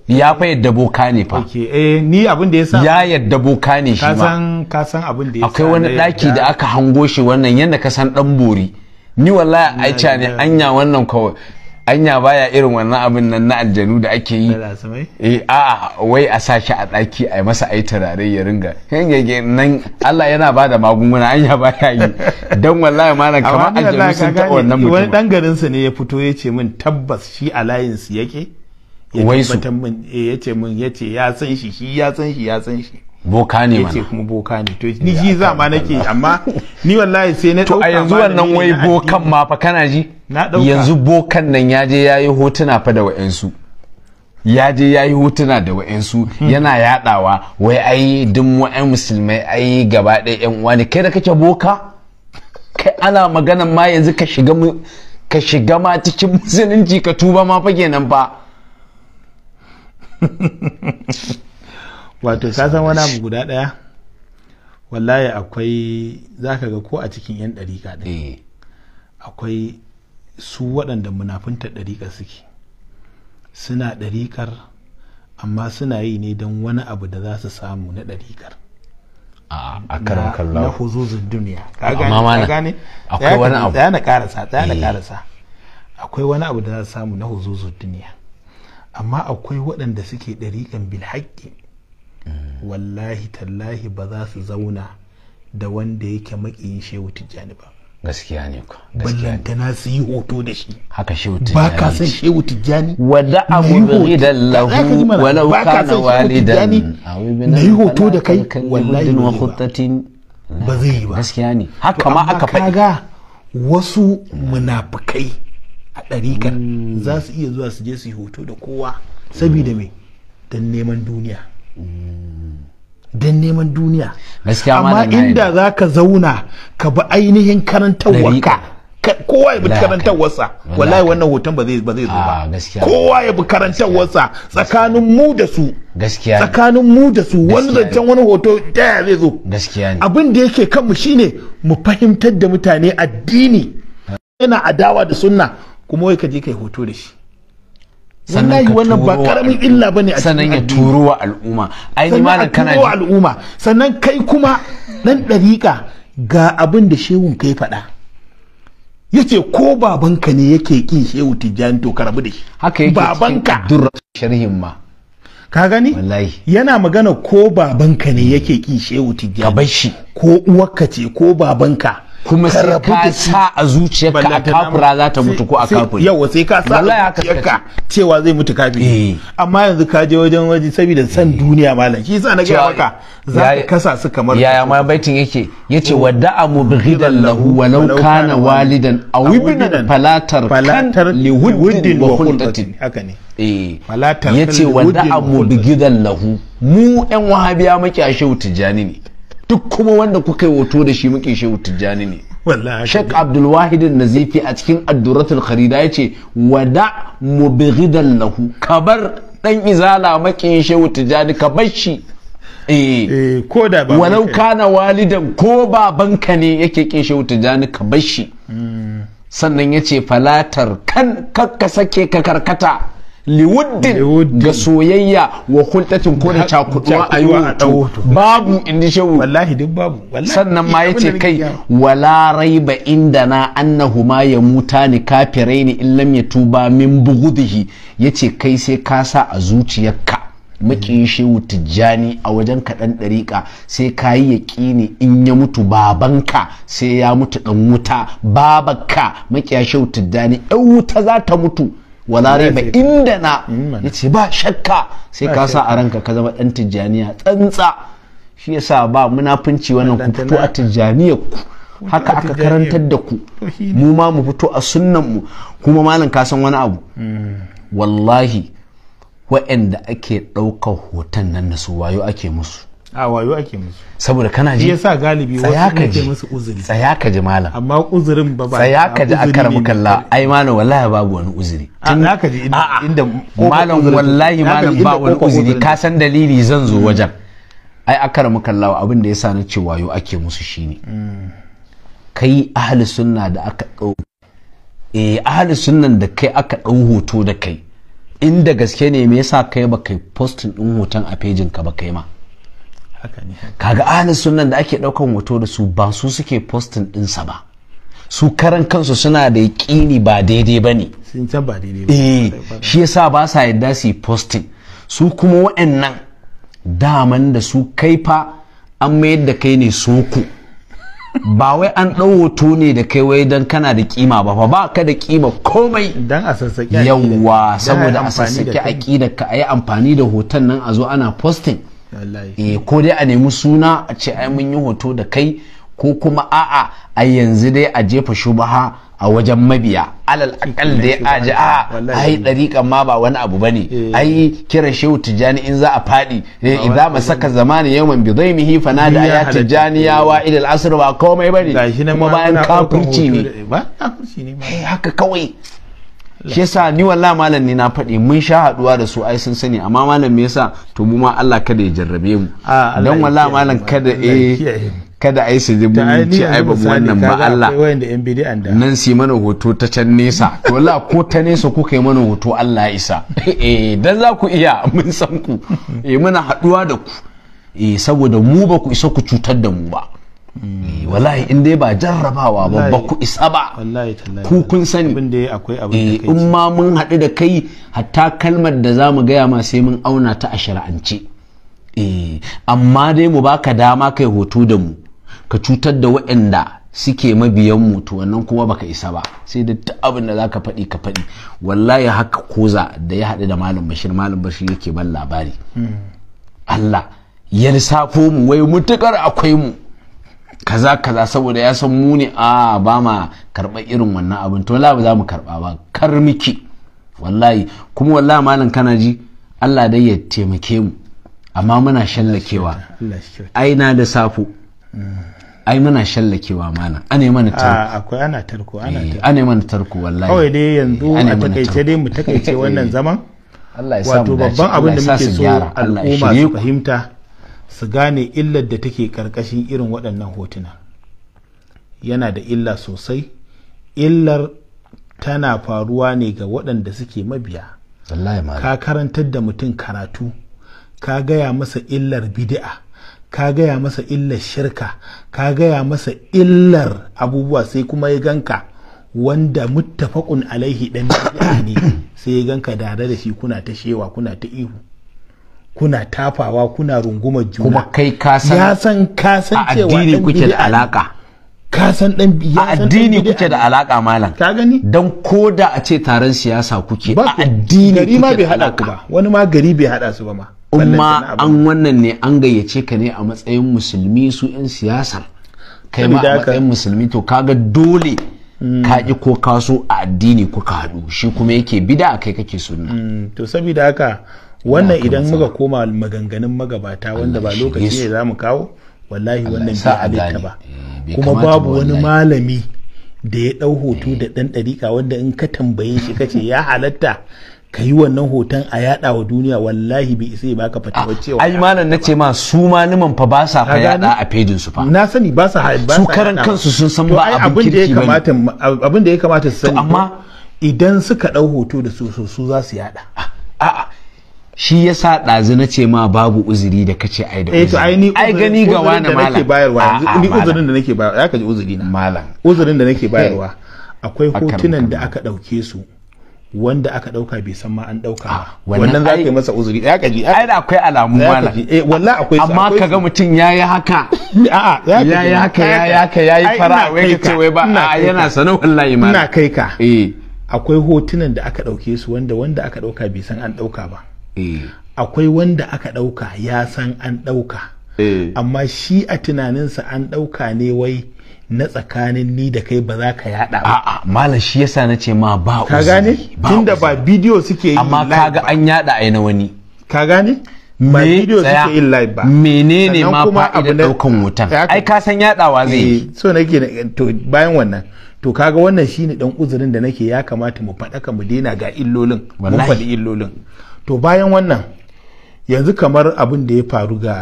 ya fa yadda boka ne fa eh, ni abin da ya yadda boka ne shi ma abin da akwai wani daki da aka hango shi wannan yanda ka san dan bori ni wallahi aicha ne anya wannan kawai anya baya irin wannan abin nan na aljanu da ake yi eh a wai a sashi a daki a masa ai turare ya ringa yangege nan Allah yana ba da magunguna anya baya yi <laughs> dan wallahi malam kamar aljanu sun ta wannan mutum wani dan garin sa ne ya fito ya ce min tabbas shi alliance yake wai su eh, ya ce min ya ce ya san shi shi ya san shi ya san shi boka ne mana kuma boka ne to ni ji za ma nake amma ni wallahi sai na dauka to a yanzu wannan wai bokan ma fa kana ji na dauka yanzu bokan nan ya je yayi hotuna fa da wayansu ya je ya yi hotuna da wa'yansu hmm. yana yadawa wai ai duk wa'yan musulmai ai gaba ɗaya yan uwa ne kai da kake boka kai ana magana ma yanzu ka shiga ka shiga ma cikin musulunci ka tuba ma fa kenan fa <laughs> wato ka san wani abu guda daya wallahi akwai za ka ga ko a cikin yan dariƙa ɗin eh. akwai su waɗanda munafunta dariƙa suke suna dariƙar amma suna yi ne don wani abu da za su samu na dariƙar a karan kallon na huzuzun duniya ka gane akwai wani abu na karasa tsaya na karasa eh. akwai wani abu da za su samu na huzuzun duniya amma akwai waɗanda suke ɗariƙan bilhaƙi wallahi tallahi ba za su zauna da wanda yake makiyin shehu tijjani ba gaskiya ne ku na su yi hoto da shi haka shehu tijjani ba ka san shehu tijjani wada abu da lahu walau kana walidan na yi hoto da kai wallahi ba zai yi ba gaskiya ne haka ma aka faɗi kaga wasu munafukai a ɗarikar mm. za su iya zuwa su je su yi hoto da kowa saboda me mm. don neman duniya mm. don neman duniya amma inda za ka zauna ka bi ainihin karantarwarka kowa ya bi karantarwarsa wallahi wannan hoton ba zai ba zo ba ah, kowa ya bi karantarwarsa tsakanin mu da su gaskiya tsakanin mu da su wani zancen wani hoto daya zai zo gaskiya ne abin da yake kanmu shine mu fahimtar da mutane addini ah. yana adawa da sunna kuma wai ka je kai hoto da shi wallahi wannan ba karamin illa ba ne a cikin sannan ya turo wa al'umma ai ni malam kana turo al'umma sannan kai kuma dan dariƙa ga abin da shehun kai faɗa yace ko babanka ne yake kin shehu tijjani to karabu da shi haka yake babanka sharhin ma ka gani yana magana ko babanka ne yake kin shehu tijjani ka bar shi ko uwarka ce ko babanka kuma sai ka sa a zuciyarka a kafura za ta mutu ko a kafuri yawa sai ka sa a zuciyarka cewa zai mutu kafiri eh. amma yanzu ka je wajen waje saboda san eh. duniya malam shi yasa na ga maka za ka kasa su kamar yaya ma baitin yake yace oh. amu bi ghidan lahu law kana walidan aw ibn falatar kan wuddin wa khuntatin haka ne eh yace amu bi ghidan lahu mu yan wahabiya maki a shehu ne duk kuma wanda kuka yi hoto da shi muke shehu tijjani ne shek abdulwahid nazifi a cikin adduratul kharida ya ce wada mubghidan lahu kabar dan izala makin shehu tijjani ka bar shi eh, eh ko ba walau kana walidan ko babanka ne yake kin shehu tijjani ka bar shi hmm. sannan ya ce falatar kan kakka sake ka karkata liwuddin ga soyayya wa hulɗatin ko da cakuɗuwa a yi babu in ji shehu wallahi duk babu sannan ma ya ce kai wala raiba inda na annahu ma ya muta ni kafirai ni in lam ya tuba min bugudihi ya ce kai sai ka sa a zuciyarka makiyin shehu tijjani a wajen kaɗan ɗariƙa sai ka yi yaƙini in ya mutu babanka sai ya mutu ɗan wuta babanka makiya shehu tijjani ɗan wuta za ta mutu wala mai inda na yace ba shakka sai ka sa a ranka ka zama dan tijjaniya tsantsa shi ya sa ba munafunci wannan ku fito a tijjaniya ku haka aka karantar da ku mu ma mu fito a sunan mu kuma malam ka san wani abu mm. wallahi wa'anda ake ɗaukar hoton nan na su wayo ake musu a wayo ake musu saboda kana ji yasa galibi wasu ke musu uzuri tsaya ka ji malam amma uzurin ba ba tsaya ka ji akar mukalla ai malam wallahi babu wani uzuri tun ka ji inda malam wallahi malam ba wani uzuri ka san dalili zan zo wajen ai akar mukalla abin da yasa na ce wayo ake musu shine kai ahli sunna da aka dau eh ahli sunnan da kai aka dau hoto da kai inda gaske ne me yasa kai ba kai posting din hoton a pejin ka ba kai ma kaga ahalin sunan da ake daukan hoto da su ba su suke postin dinsa ba su karan kansu suna da yaƙini ba daidai ba ne eh shi sa ba sa yadda su yi postin su kuma waɗannan daman da su kaifa an mayar da kai ne soko ba wai an ɗau hoto ne da kai wai don kana da kima ba ba ka da kima komai yawwa saboda a sassaƙi a ka a yi amfani da hoton nan a zo ana posting eh ko dai a nemi suna a ce ai mun yi hoto da kai ko kuma a'a a yanzu dai a jefa shubaha a wajen mabiya alal akal dai a ji a ai dariƙan ma ba wani abu bane eh. ai kira shehu tijani in za a faɗi eh, idza masaka zamani yawman bi dhaimihi fanada ya tijani ya wa ila al asr ba komai bane kuma bayan ne ba kafirci ne eh, haka kawai shi yasa ni wallahi malam ne na faɗi mun sha haɗuwa da su ai sun sani amma malam me yasa to mu ma Allah kada ya jarrabe mu ah, dan wallahi malam kada eh kada ai su jibu ci ai babu wannan ba Allah nan si mana hoto ta can nesa to Allah ko ta nesa kuka yi mana hoto Allah ya isa <laughs> eh dan za ku iya <laughs> mun san ku eh muna haɗuwa da ku eh saboda mu ba ku isa ku cutar da mu ba Eh, wallahi in dai ba jarrabawa ba ba ku isa ba ku kun sani eh, in ma mun haɗu da kai hatta kalmar da za mu gaya ma sai mun auna ta a shari'ance eh, amma dai mu ba ka dama kai hoto da mu ka cutar da waɗanda suke mabiyan mu to wannan kuma baka isa ba sai da duk abin da zaka faɗi ka faɗi wallahi haka koza da ya haɗu da malam bashir malam bashir yake ban labari hmm. Allah ya lissafo mu wai mutukar akwai mu kaza kaza saboda ya san mu ne a ba ma irin wannan abin to wallahi ba za mu karɓa ba kar miki wallahi kuma wallahi malam kana ji Allah dai ya taimake mu amma muna shallakewa ai na da safo ai muna shallakewa malam ana mana tarko akwai ana tarko ana eh, mana tarko wallahi kawai dai yanzu eh, a takaice dai mu takaice wannan <laughs> eh, zaman Allah ya samu wato babban abin da muke so al'umma su fahimta su gane illar da take karkashin irin waɗannan hotuna yana da illa sosai illar tana faruwa ne ga waɗanda suke mabiya ka karantar da mutum karatu ka gaya masa illar bidi'a ka gaya masa illar shirka ka gaya masa illar abubuwa sai kuma ya ganka wanda muttafaqun alaihi dan ne sai ya ganka dare da shi kuna ta shewa kuna ta ihu kuna tafawa kuna rungumar juna kuma kai ka san ya san ka san cewa addini kuke da alaka ka san dan ya addini kuke da alaka malam ka gani dan koda a ce taron siyasa kuke a addini gari ma bai hada ku ba wani ma gari bai hada su ba ma umma an wannan ne an gayyace ka ne a matsayin musulmi su yan siyasar kai ma a matsayin musulmi to kaga dole mm. ka ki ko kaso a addini kuka haɗu shi kuma yake bida kai kake sunna mm. to saboda haka wannan idan muka koma maganganun magabata wanda ba lokaci ne za mu kawo wallahi wannan bai halitta ba eh, kuma babu wani malami da ya dau eh. hoto da dan dariƙa wanda in ka tambaye shi kace ya halatta ka yi wannan hoton a yada wa duniya wallahi bai isa baka fatawar ah, cewa ai malam na ce ma su malaman fa ba sa fa yada a pejin su fa na sani ba sa ba su karan kansu sun san ba abin ya kamata abin da ya kamata su sani amma idan suka dau hoto da su su za su yada a'a ah, ah, shi ya sa ɗazu na ce ma babu uzuri da ka ce ai da eh, uzuri ai gani ga wani malam nake bayarwa ni uzurin da nake bayarwa ya ji uzuri na malam uzurin da nake eh, bayarwa akwai hotunan da aka ɗauke su wanda aka ɗauka bai san ma an ɗauka ba ah, wannan za ka yi masa uzuri ya kaji ai da akwai alamu malam. Eh, Wallah akwai su. amma kaga mutum ya yi haka <laughs> a'a yi haka ya yi haka yi fara wai ce wai ba a yana sanar wallahi malam. ina kai ka eh akwai hotunan da aka ɗauke su wanda wanda aka ɗauka bai san an ɗauka ba Eh. akwai wanda aka ɗauka ya san an ɗauka eh. amma shi a tunaninsa an ɗauka ne wai na tsakanin ni da kai ba za ka yada ba a'a malam shi yasa na ce ma ba ka gane tunda ba bidiyo suke yi amma kaga an yada aina na wani ka gane ba bidiyo suke yin live ba menene ma fa'idar daukan wutan ai ka san yadawa zai yi eh, so nake to bayan wannan to kaga wannan shine dan uzurin da nake ya kamata mu ka mu dena ga illolin mu fadi illolin to bayan wannan yanzu kamar abin da ya faru ga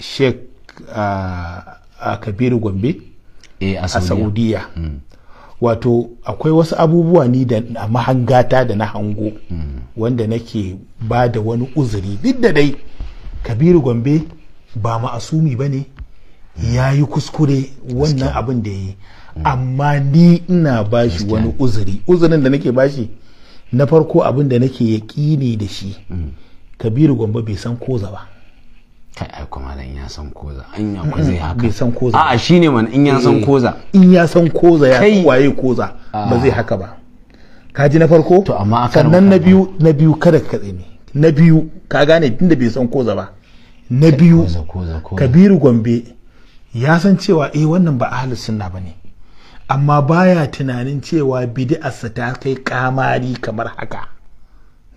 sheik kabiru gombe eh, a saudiya mm. wato akwai wasu abubuwa ni da a mahangata da na hango mm. wanda nake ba da wani uzuri duk da dai kabiru gombe ba ma'asumi ba ne ya yi kuskure wannan abin da ya yi mm. amma ni ina bashi wani uzuri uzurin da nake bashi na farko abin da nake yaƙini da shi mm. kabiru gombe bai san koza ba kai ai kuma dan ya san koza an ya ko zai haka bai san koza a'a shine man in ya san eh, koza in ya san koza ya waye koza ba ah. zai haka ba kaji na farko to amma sannan na biyu na biyu kada ka ne na biyu ka gane tunda bai san koza ba na biyu kabiru gombe ya san cewa eh wannan ba ahlus sunna bane amma baya tunanin cewa bid'arsa ta kai kamari kamar haka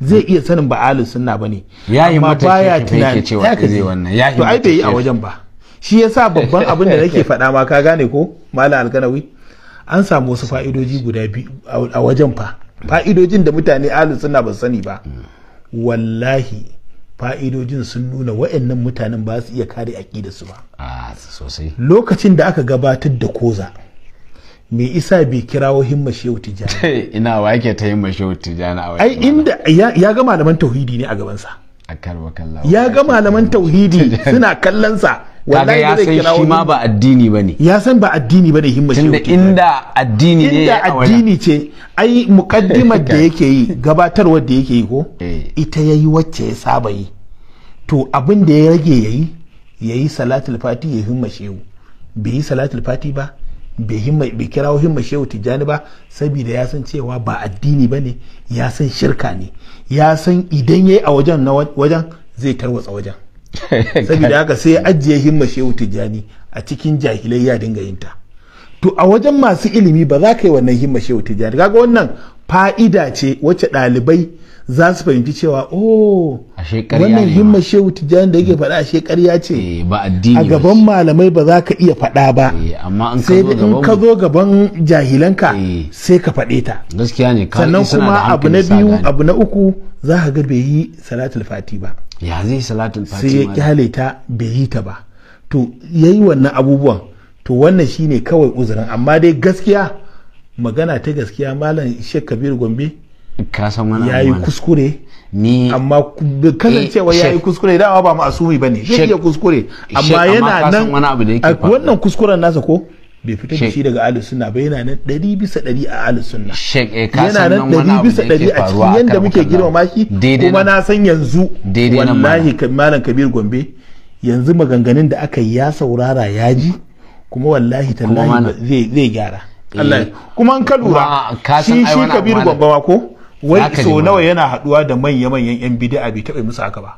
zai iya sanin ba ahlus sunna bane yayi baya tunanin cewa zai wannan to ai bai yi a wajen ba shi yasa babban <laughs> abin da nake faɗa ma ka gane ko malam alkanawi an samu wasu fa'idoji guda biyu a wajen fa fa'idojin da mutane ahlus sunna ba sani ba wallahi fa'idojin sun nuna wa'annan mutanen ba su iya kare su ba ah, lokacin da aka gabatar da koza me isa bai kirawo himma shehu tijjani <laughs> ina wa yake ta himma shehu tijjani a ai inda ya ga malaman tauhidi ne a gaban sa ya ga malaman tauhidi <laughs> suna kallon sa wallahi ya san shi ma ba addini bane ya san ba addini bane himma shehu tunda inda addini ne inda addini ce ai muqaddimar da <laughs> yake yi gabatarwar da yake yi ko eh. ita yayi wacce ya saba yi to abin da ya rage yayi yayi salatul fati ya himma shehu bai yi salatul fati ba bai himma bai himma shehu tijjani ba saboda ya san cewa ba addini ba ne ya san shirka ne ya san idan ya yi a wajen na wajen zai tarwatsa wajen <laughs> saboda haka sai ya ajiye himma shehu tijjani a cikin jahilai ya dinga yin ta to a wajen masu ilimi ba za ka yi wannan himma shehu tijjani kaga wannan fa'ida ce wacce ɗalibai za su fahimci cewa oh wannan himma shehu tijjani da yake faɗa eh, a ya ce a gaban malamai ba za ka iya faɗa ba eh, sai in ka zo gaban jahilanka eh. sai ka faɗe ta sannan kuma abu na biyu abu na uku za ka ga bai yi salatul fati ba sai ya kyale ta bai yi ta ba to yayi wannan abubuwan to wannan shine kawai uzurin amma dai gaskiya magana ta gaskiya malam shek kabir gombe ka san wani yayi kuskure ni amma eh, kasancewa ya yi kuskure dama ba ma'asumi ba ne zai iya kuskure amma yana nan wannan kuskuren nasa ko bai fita da shi daga ahlus sunna ba yana nan ɗari bisa ɗari a ahlus sunna eh, yana nan ɗari bisa ɗari a cikin yadda muke girmama shi kuma na san yanzu wallahi malam kabir gombe yanzu maganganun da aka yi ya saurara ya ji kuma wallahi tallahi zai gyara eh, Allah kuma an ka lura shi shi kabir gombe ma ko wai so nawa yana haduwa da manya-manyan yan bid'a bai taba musu haka ba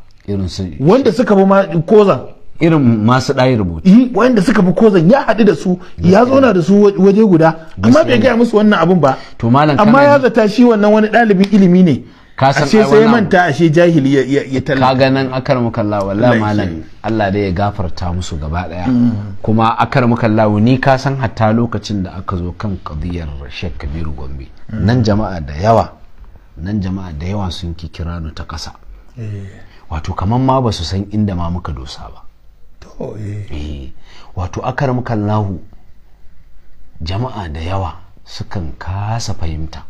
wanda suka bi kozan irin masu dai rubutu wanda suka bi kozan ya haɗu da su ya zauna da su waje guda amma bai gaya musu wannan abun ba amma ya zata shi wannan wani ɗalibin ilimi ne ashe sai manta ashe jahili ya talla ka ganan akar mukalla wallahi malam Allah da ya gafarta musu gaba daya mm. kuma akar mukalla ni ka san hatta lokacin da aka zo kan qadiyar Sheikh Kabiru Gombe mm. nan jama'a da yawa nan jama'a da yawa sun ki kira ta kasa eh. wato kamar ma ba su san inda ma muka dosa ba eh. Eh. wato akar lahu jama'a da yawa sukan kasa fahimta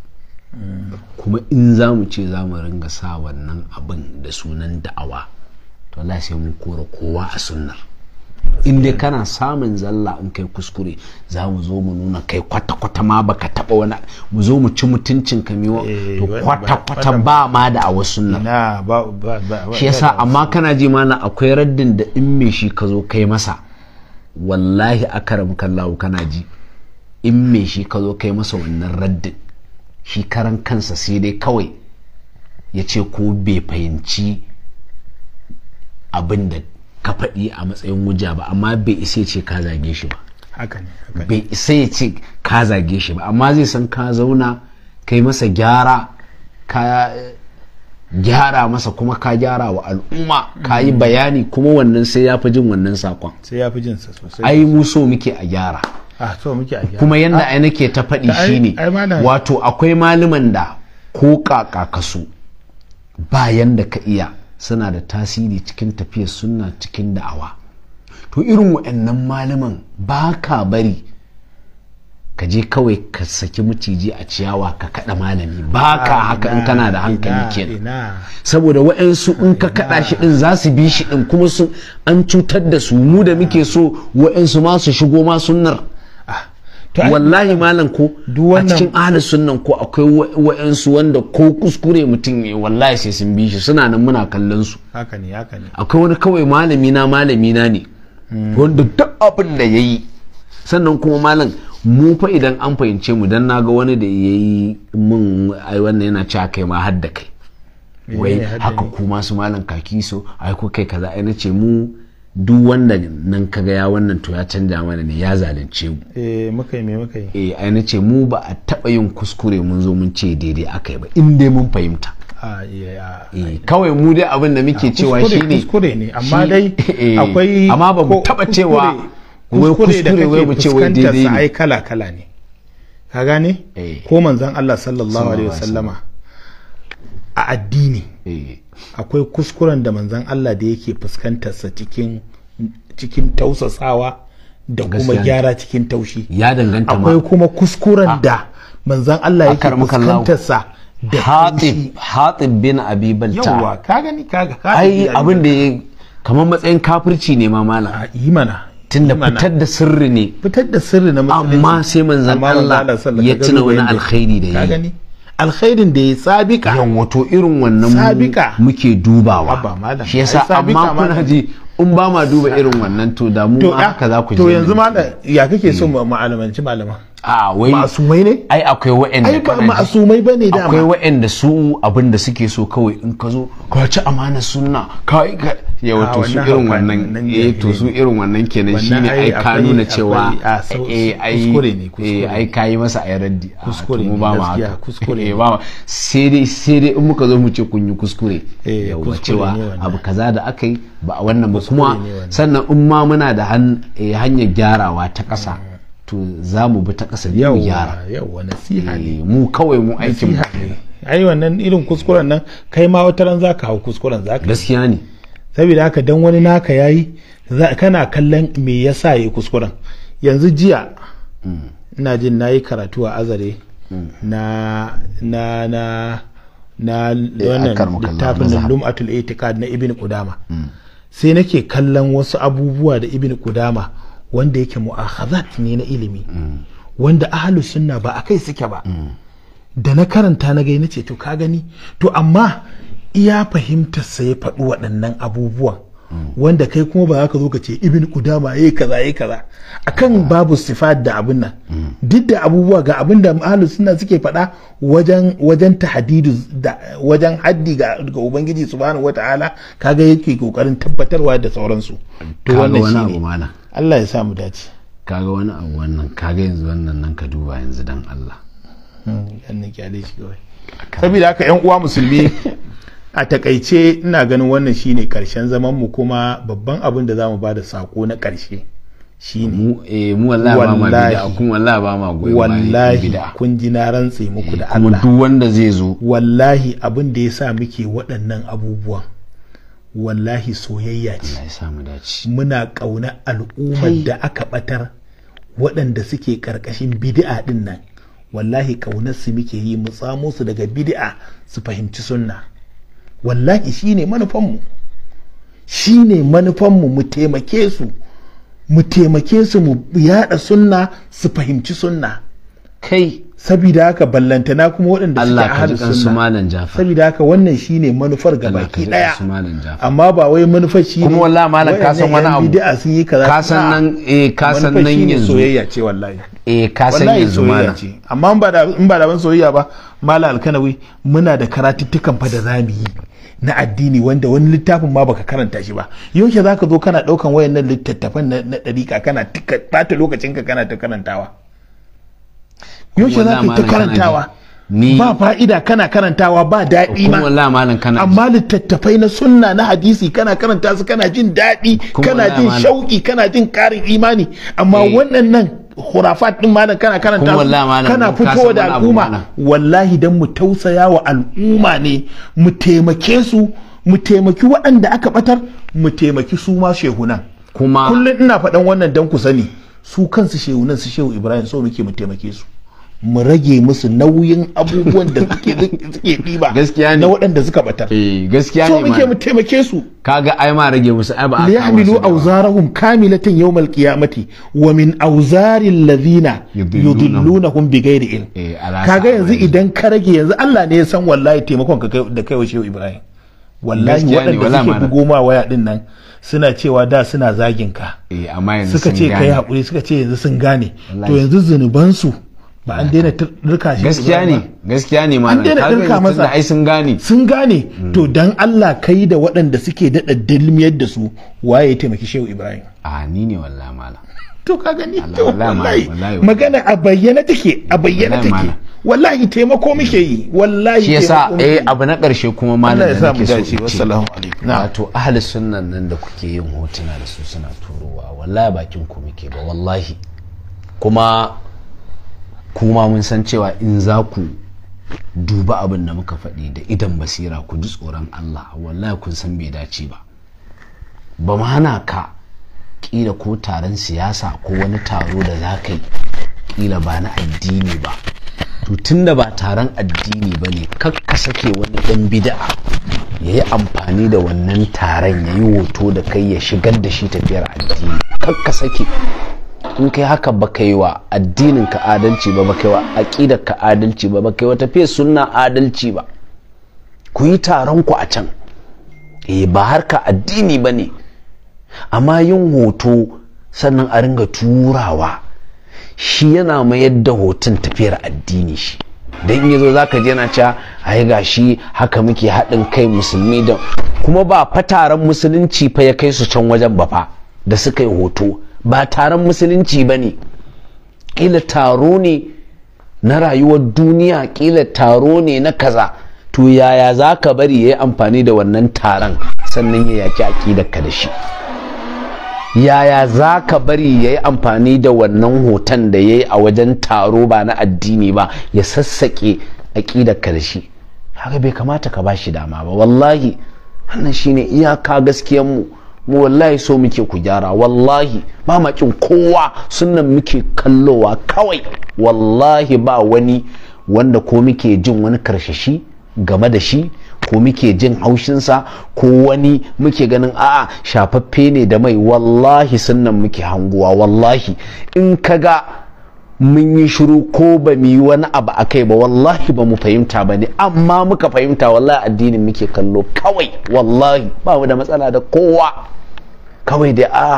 mm. kuma in za mu ce za mu ringa sa wannan abin da sunan da'awa to Allah sai mun kora kowa a sunnar in dai kana samun zalla in kai kuskure za mu zo mu nuna kai kwata-kwata ma baka taba wani mu zo mu ci mutuncin ka miwa eh, to kwata-kwata ba ma da a wasu nan shi yasa amma kana ji mana akwai raddin da in me shi ka zo kai masa wallahi akaram kallahu kana ji in me shi ka zo kai masa wannan raddin shi karan kansa sai dai kawai ya ce ko bai fahimci abin da ka faɗi a matsayin wuja ba amma bai isa ce ka zage shi ba bai isa ya ce ka zage shi ba amma zai san ka zauna kai masa gyara ka gyara masa kuma ka gyara wa al'umma ka yi mm. bayani kuma wannan sai ya fi jin wannan sakon sai ya fi jin sa sosai ai mu so muke a gyara kuma yadda ai nake ta faɗi shine wato akwai maliman da ko kaka kasu ba da ka iya suna da tasiri cikin tafiyar sunna cikin da'awa to irin wa'annan malaman ba ka bari ka je kawai ka saki maciji a ciyawa ka kada malami ba ka ah, haka in kana da hankali kenan saboda wa'ansu in ka kada shi din za su bi shi din kuma su an cutar da su mu da muke so wa'ansu ma su shigo ma sunnar wallahi malam ko a cikin ahlus sunnan ko akwai wa'ansu wanda ko kuskure mutum ne wallahi sai sun bi shi suna nan muna kallon su haka akwai wani kawai malami na malami na ne hmm. wanda duk abin da yayi sannan kuma malam mu fa idan an fahimce mu dan naga wani da yayi min ai wannan yana cewa kai ma har kai eh, wai haka kuma su malam kaki so ai ko kai kaza ai nace mu duk wanda nan kaga ya wannan to ya canja mana ne ya zalunce mu eh muka yi me muka yi eh ai nace mu ba a taba yin kuskure mun zo mun ce daidai akai ba in dai mun fahimta eh, kawai mu dai abin da muke cewa shine kuskure ne amma dai <laughs> eh, akwai amma ba mu taba cewa wai kuskure wai mu ce wai daidai ne ai kala kala ne ka gane eh. ko manzon Allah sallallahu alaihi wasallama a addini eh. akwai kuskuren da manzan Allah da yake fuskantarsa cikin cikin tausasawa da kuma gyara cikin taushi ya danganta akwai kuma kuskuren da manzan Allah yake fuskantarsa da hatib bin abi balta yawa ka gani ka ga ai abin da ya kamar matsayin kafirci ne ma mala imana tunda fitar da sirri ne fitar da sirri na amma sai manzan Allah ya tuna wani alkhairi da ka gani alkhairin da ya sabika yawa to irin wannan sabika muke dubawa shi yasa amma kuna ji in ba ma duba irin wannan to da mu ma haka za ku je to yanzu ma ya kake so hmm. mu malamanci malama a ah, wai ne ai akwai wa'anda ai ba masumai bane dama akwai wa'anda su abin da suke so kawai in ka zo ka ci amana sunna kai ka ya wato ah, su irin wannan eh to su irin wannan kenan shine ai ka nuna cewa ah, eh ai kuskure ne kuskure eh, ai kai masa ai raddi kuskure mu ba ma kuskure eh ba sai dai sai dai in muka zo mu ce kun yi kuskure eh, yawa cewa abu kaza da aka yi ba wannan ba kuma sannan in ma muna da eh, hanyar gyarawa ta ƙasa mm. to za mu bi ta ƙasa mu gyara yawa nasiha ne eh, mu kawai mu aikin mu ai wannan irin kuskuren nan kai ma wata ran ka hau kuskuren za yi. gaskiya ne saboda haka dan wani naka yayi kana kallon me yasa yayi kuskuren yanzu jiya hmm. ina jin nayi karatu a azare hmm. na na na na eh, wannan littafin lum'atul itiqad na ibn qudama hmm. sai nake kallon wasu abubuwa da ibn qudama wanda yake mu'akhazat ne na ilimi wanda ahlus sunna ba a kai suke ba da na karanta na gai ce to ka gani to amma iya fahimtar sa ya faɗi waɗannan abubuwan wanda kai kuma ba ka zo ka ce ibn kudama yayi kaza yayi kaza akan babu sifat da abin nan duk da abubuwa ga abin da ahlu sunna suke faɗa wajen wajen tahdidu wajen haddi ga ga ubangiji subhanahu wataala kaga yake kokarin tabbatarwa da sauransu to wannan shine Allah ya sa mu dace kaga wani abu wannan kaga yanzu wannan nan ka duba yanzu hmm, dan Allah saboda haka yan uwa musulmi <laughs> a takaice ina ganin wannan shine karshen zaman mu kuma babban abin da zamu bada sako na karshe shine eh, wallahi wallahi kun ji na rantse muku da eh, Allah duk zo wallahi abin da yasa muke waɗannan abubuwan wallahi soyayya ce muna ƙauna al'ummar da aka batar waɗanda suke ƙarƙashin bid'a din nan wallahi ƙaunarsu su muke yi mu tsamo su daga bidi'a su fahimci sunna wallahi ne manufanmu ne manufanmu mu taimake su mu taimake su mu yada sunna su fahimci sunna kai sabida haka ballantana kuma waɗanda suke ahadu sunna sabida haka wannan shi ne manufar ga baki daya amma ba wai manufar shi ne wallahi malam ka san wani abu ka san nan eh ka san nan yanzu soyayya ce wallahi eh ka zumana amma in ba da ban soyayya ba mala alkanawi muna da karatuttukan fa da zamu yi na addini wanda wani littafin ma baka karanta shi ba yaushe zaka zo kana daukan wayannan littattafan na dariƙa kana tika bata lokacin ka kana ta karantawa yaushe zaka ta karantawa ba fa'ida kana karantawa ba daɗi ma amma littattafai na sunna na hadisi kana karanta su kana jin daɗi kana jin shauƙi kana jin ƙarin imani amma eh. wannan nan khurafat din malam kana karanta kana fito da al'umma wallahi dan mu tausaya wa al'umma ne mu taimake su mu taimaki waɗanda aka batar mu taimaki su ma shehunan kuma kullum ina faɗan wannan dan ku sani su kansu shehunan su shehu ibrahim so muke mu taimake su mu rage musu nauyin abubuwan da suke suke ba gaskiya ne na waɗanda suka batar eh gaskiya ne so muke mu taimake su kaga ai ma rage musu ai ba a yahmilu awzarahum kamilatan yawmal qiyamati wa min awzaril ladhina yudillunahum bighayri il eh, kaga yanzu idan ka rage yanzu Allah ne ya san wallahi taimakon ka da kai wa shehu Ibrahim wallahi waɗanda suke bugo ma waya din nan suna cewa da suna zagin ka eh, suka ce kai hakuri suka ce yanzu sun gane to yanzu zunubansu su ba an daina turka shi gaskiya ne gaskiya ne ma an daina turka masa ai sun gane sun gane hmm. to dan Allah kai da waɗanda suke dada dilmiyar da su waye ya taimaki Shehu Ibrahim a ni ne wallahi mala <laughs> to ka gani to wallahi magana a bayyana take a bayyana take wallahi taimako muke yi wallahi shi yasa eh abu na karshe kuma malam da nake so assalamu alaikum wato ahli sunnan nan da kuke yin hotuna da su suna turowa wallahi bakin ku muke ba wallahi kuma kuma mun san cewa in za ku duba abin da muka faɗi da idan basira ku ji tsoron Allah wallahi kun san bai dace ba ba ma hana ka ƙila ko taron siyasa ko wani taro da za ka yi ƙila ba na addini ba to tun da ba taron addini ba ne kakka sake wani ɗan bida'a ya yi amfani da wannan taron ya yi hoto da kai ya shigar da shi tafiyar addini kakka sake in kai haka ba kai wa addinin ka adalci ba ba kai wa aƙidar ka adalci ba ba kai wa tafiya sunna adalci ba ku yi taron ku a can eh ba harka addini ba ne amma yin hoto sannan a ringa turawa shi yana mayar da hoton tafiyar addini shi don yazo za je na ca ai gashi haka muke haɗin kai musulmi da kuma ba fataran musulunci fa ya kai su can wajen ba fa da suka yi hoto ba taron musulunci ba ne ƙila taro ne na rayuwar duniya ƙila taro ne na kaza to yaya za ka bari ya yi amfani da wannan taron sannan ya yaki aƙidarka da shi yaya za ka bari ya yi amfani da wannan hoton da ya yi a wajen taro ba na addini ba ya sassaƙe aƙidarka da shi haka bai kamata ka ba shi dama ba wallahi wannan shine iyaka gaskiyanmu mu mu wallahi so muke ku gyara wallahi ba makin kowa sunan muke kallowa kawai wallahi ba wani wanda ko muke jin wani karshashi game da shi ko muke jin haushinsa ko wani muke ganin a'a shafaffe ne da mai wallahi sunan muke hanguwa wallahi in kaga mun yi shiru ko ba mu yi wani abu a kai ba wallahi ba mu fahimta ba ne amma muka fahimta wallahi addinin muke kallo kawai wallahi ba mu da matsala da kowa kawai dai a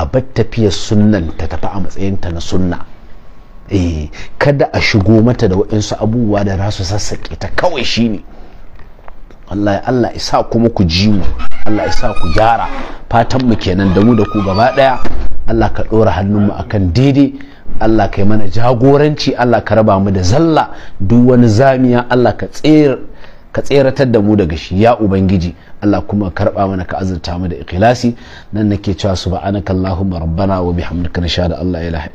a bar tafiyar sunnan ta tafi a matsayinta na sunna eh kada a shigo mata da waɗansu abubuwa da za su sassaƙe ta kawai shine ne Allah isa kuma ku ji mu Allah isa ku gyara fatan mu kenan da mu da ku gaba daya Allah ka ɗora hannunmu akan daidai Allah ka yi mana jagoranci Allah ka raba mu da zalla duk wani zamiya Allah ka tseratar da mu daga shi ya ubangiji Allah kuma karba mana ka azurta mu da ikhlasi nan nake cewa subhanakallahumma rabbana wa bihamdika nashhadu an la ilaha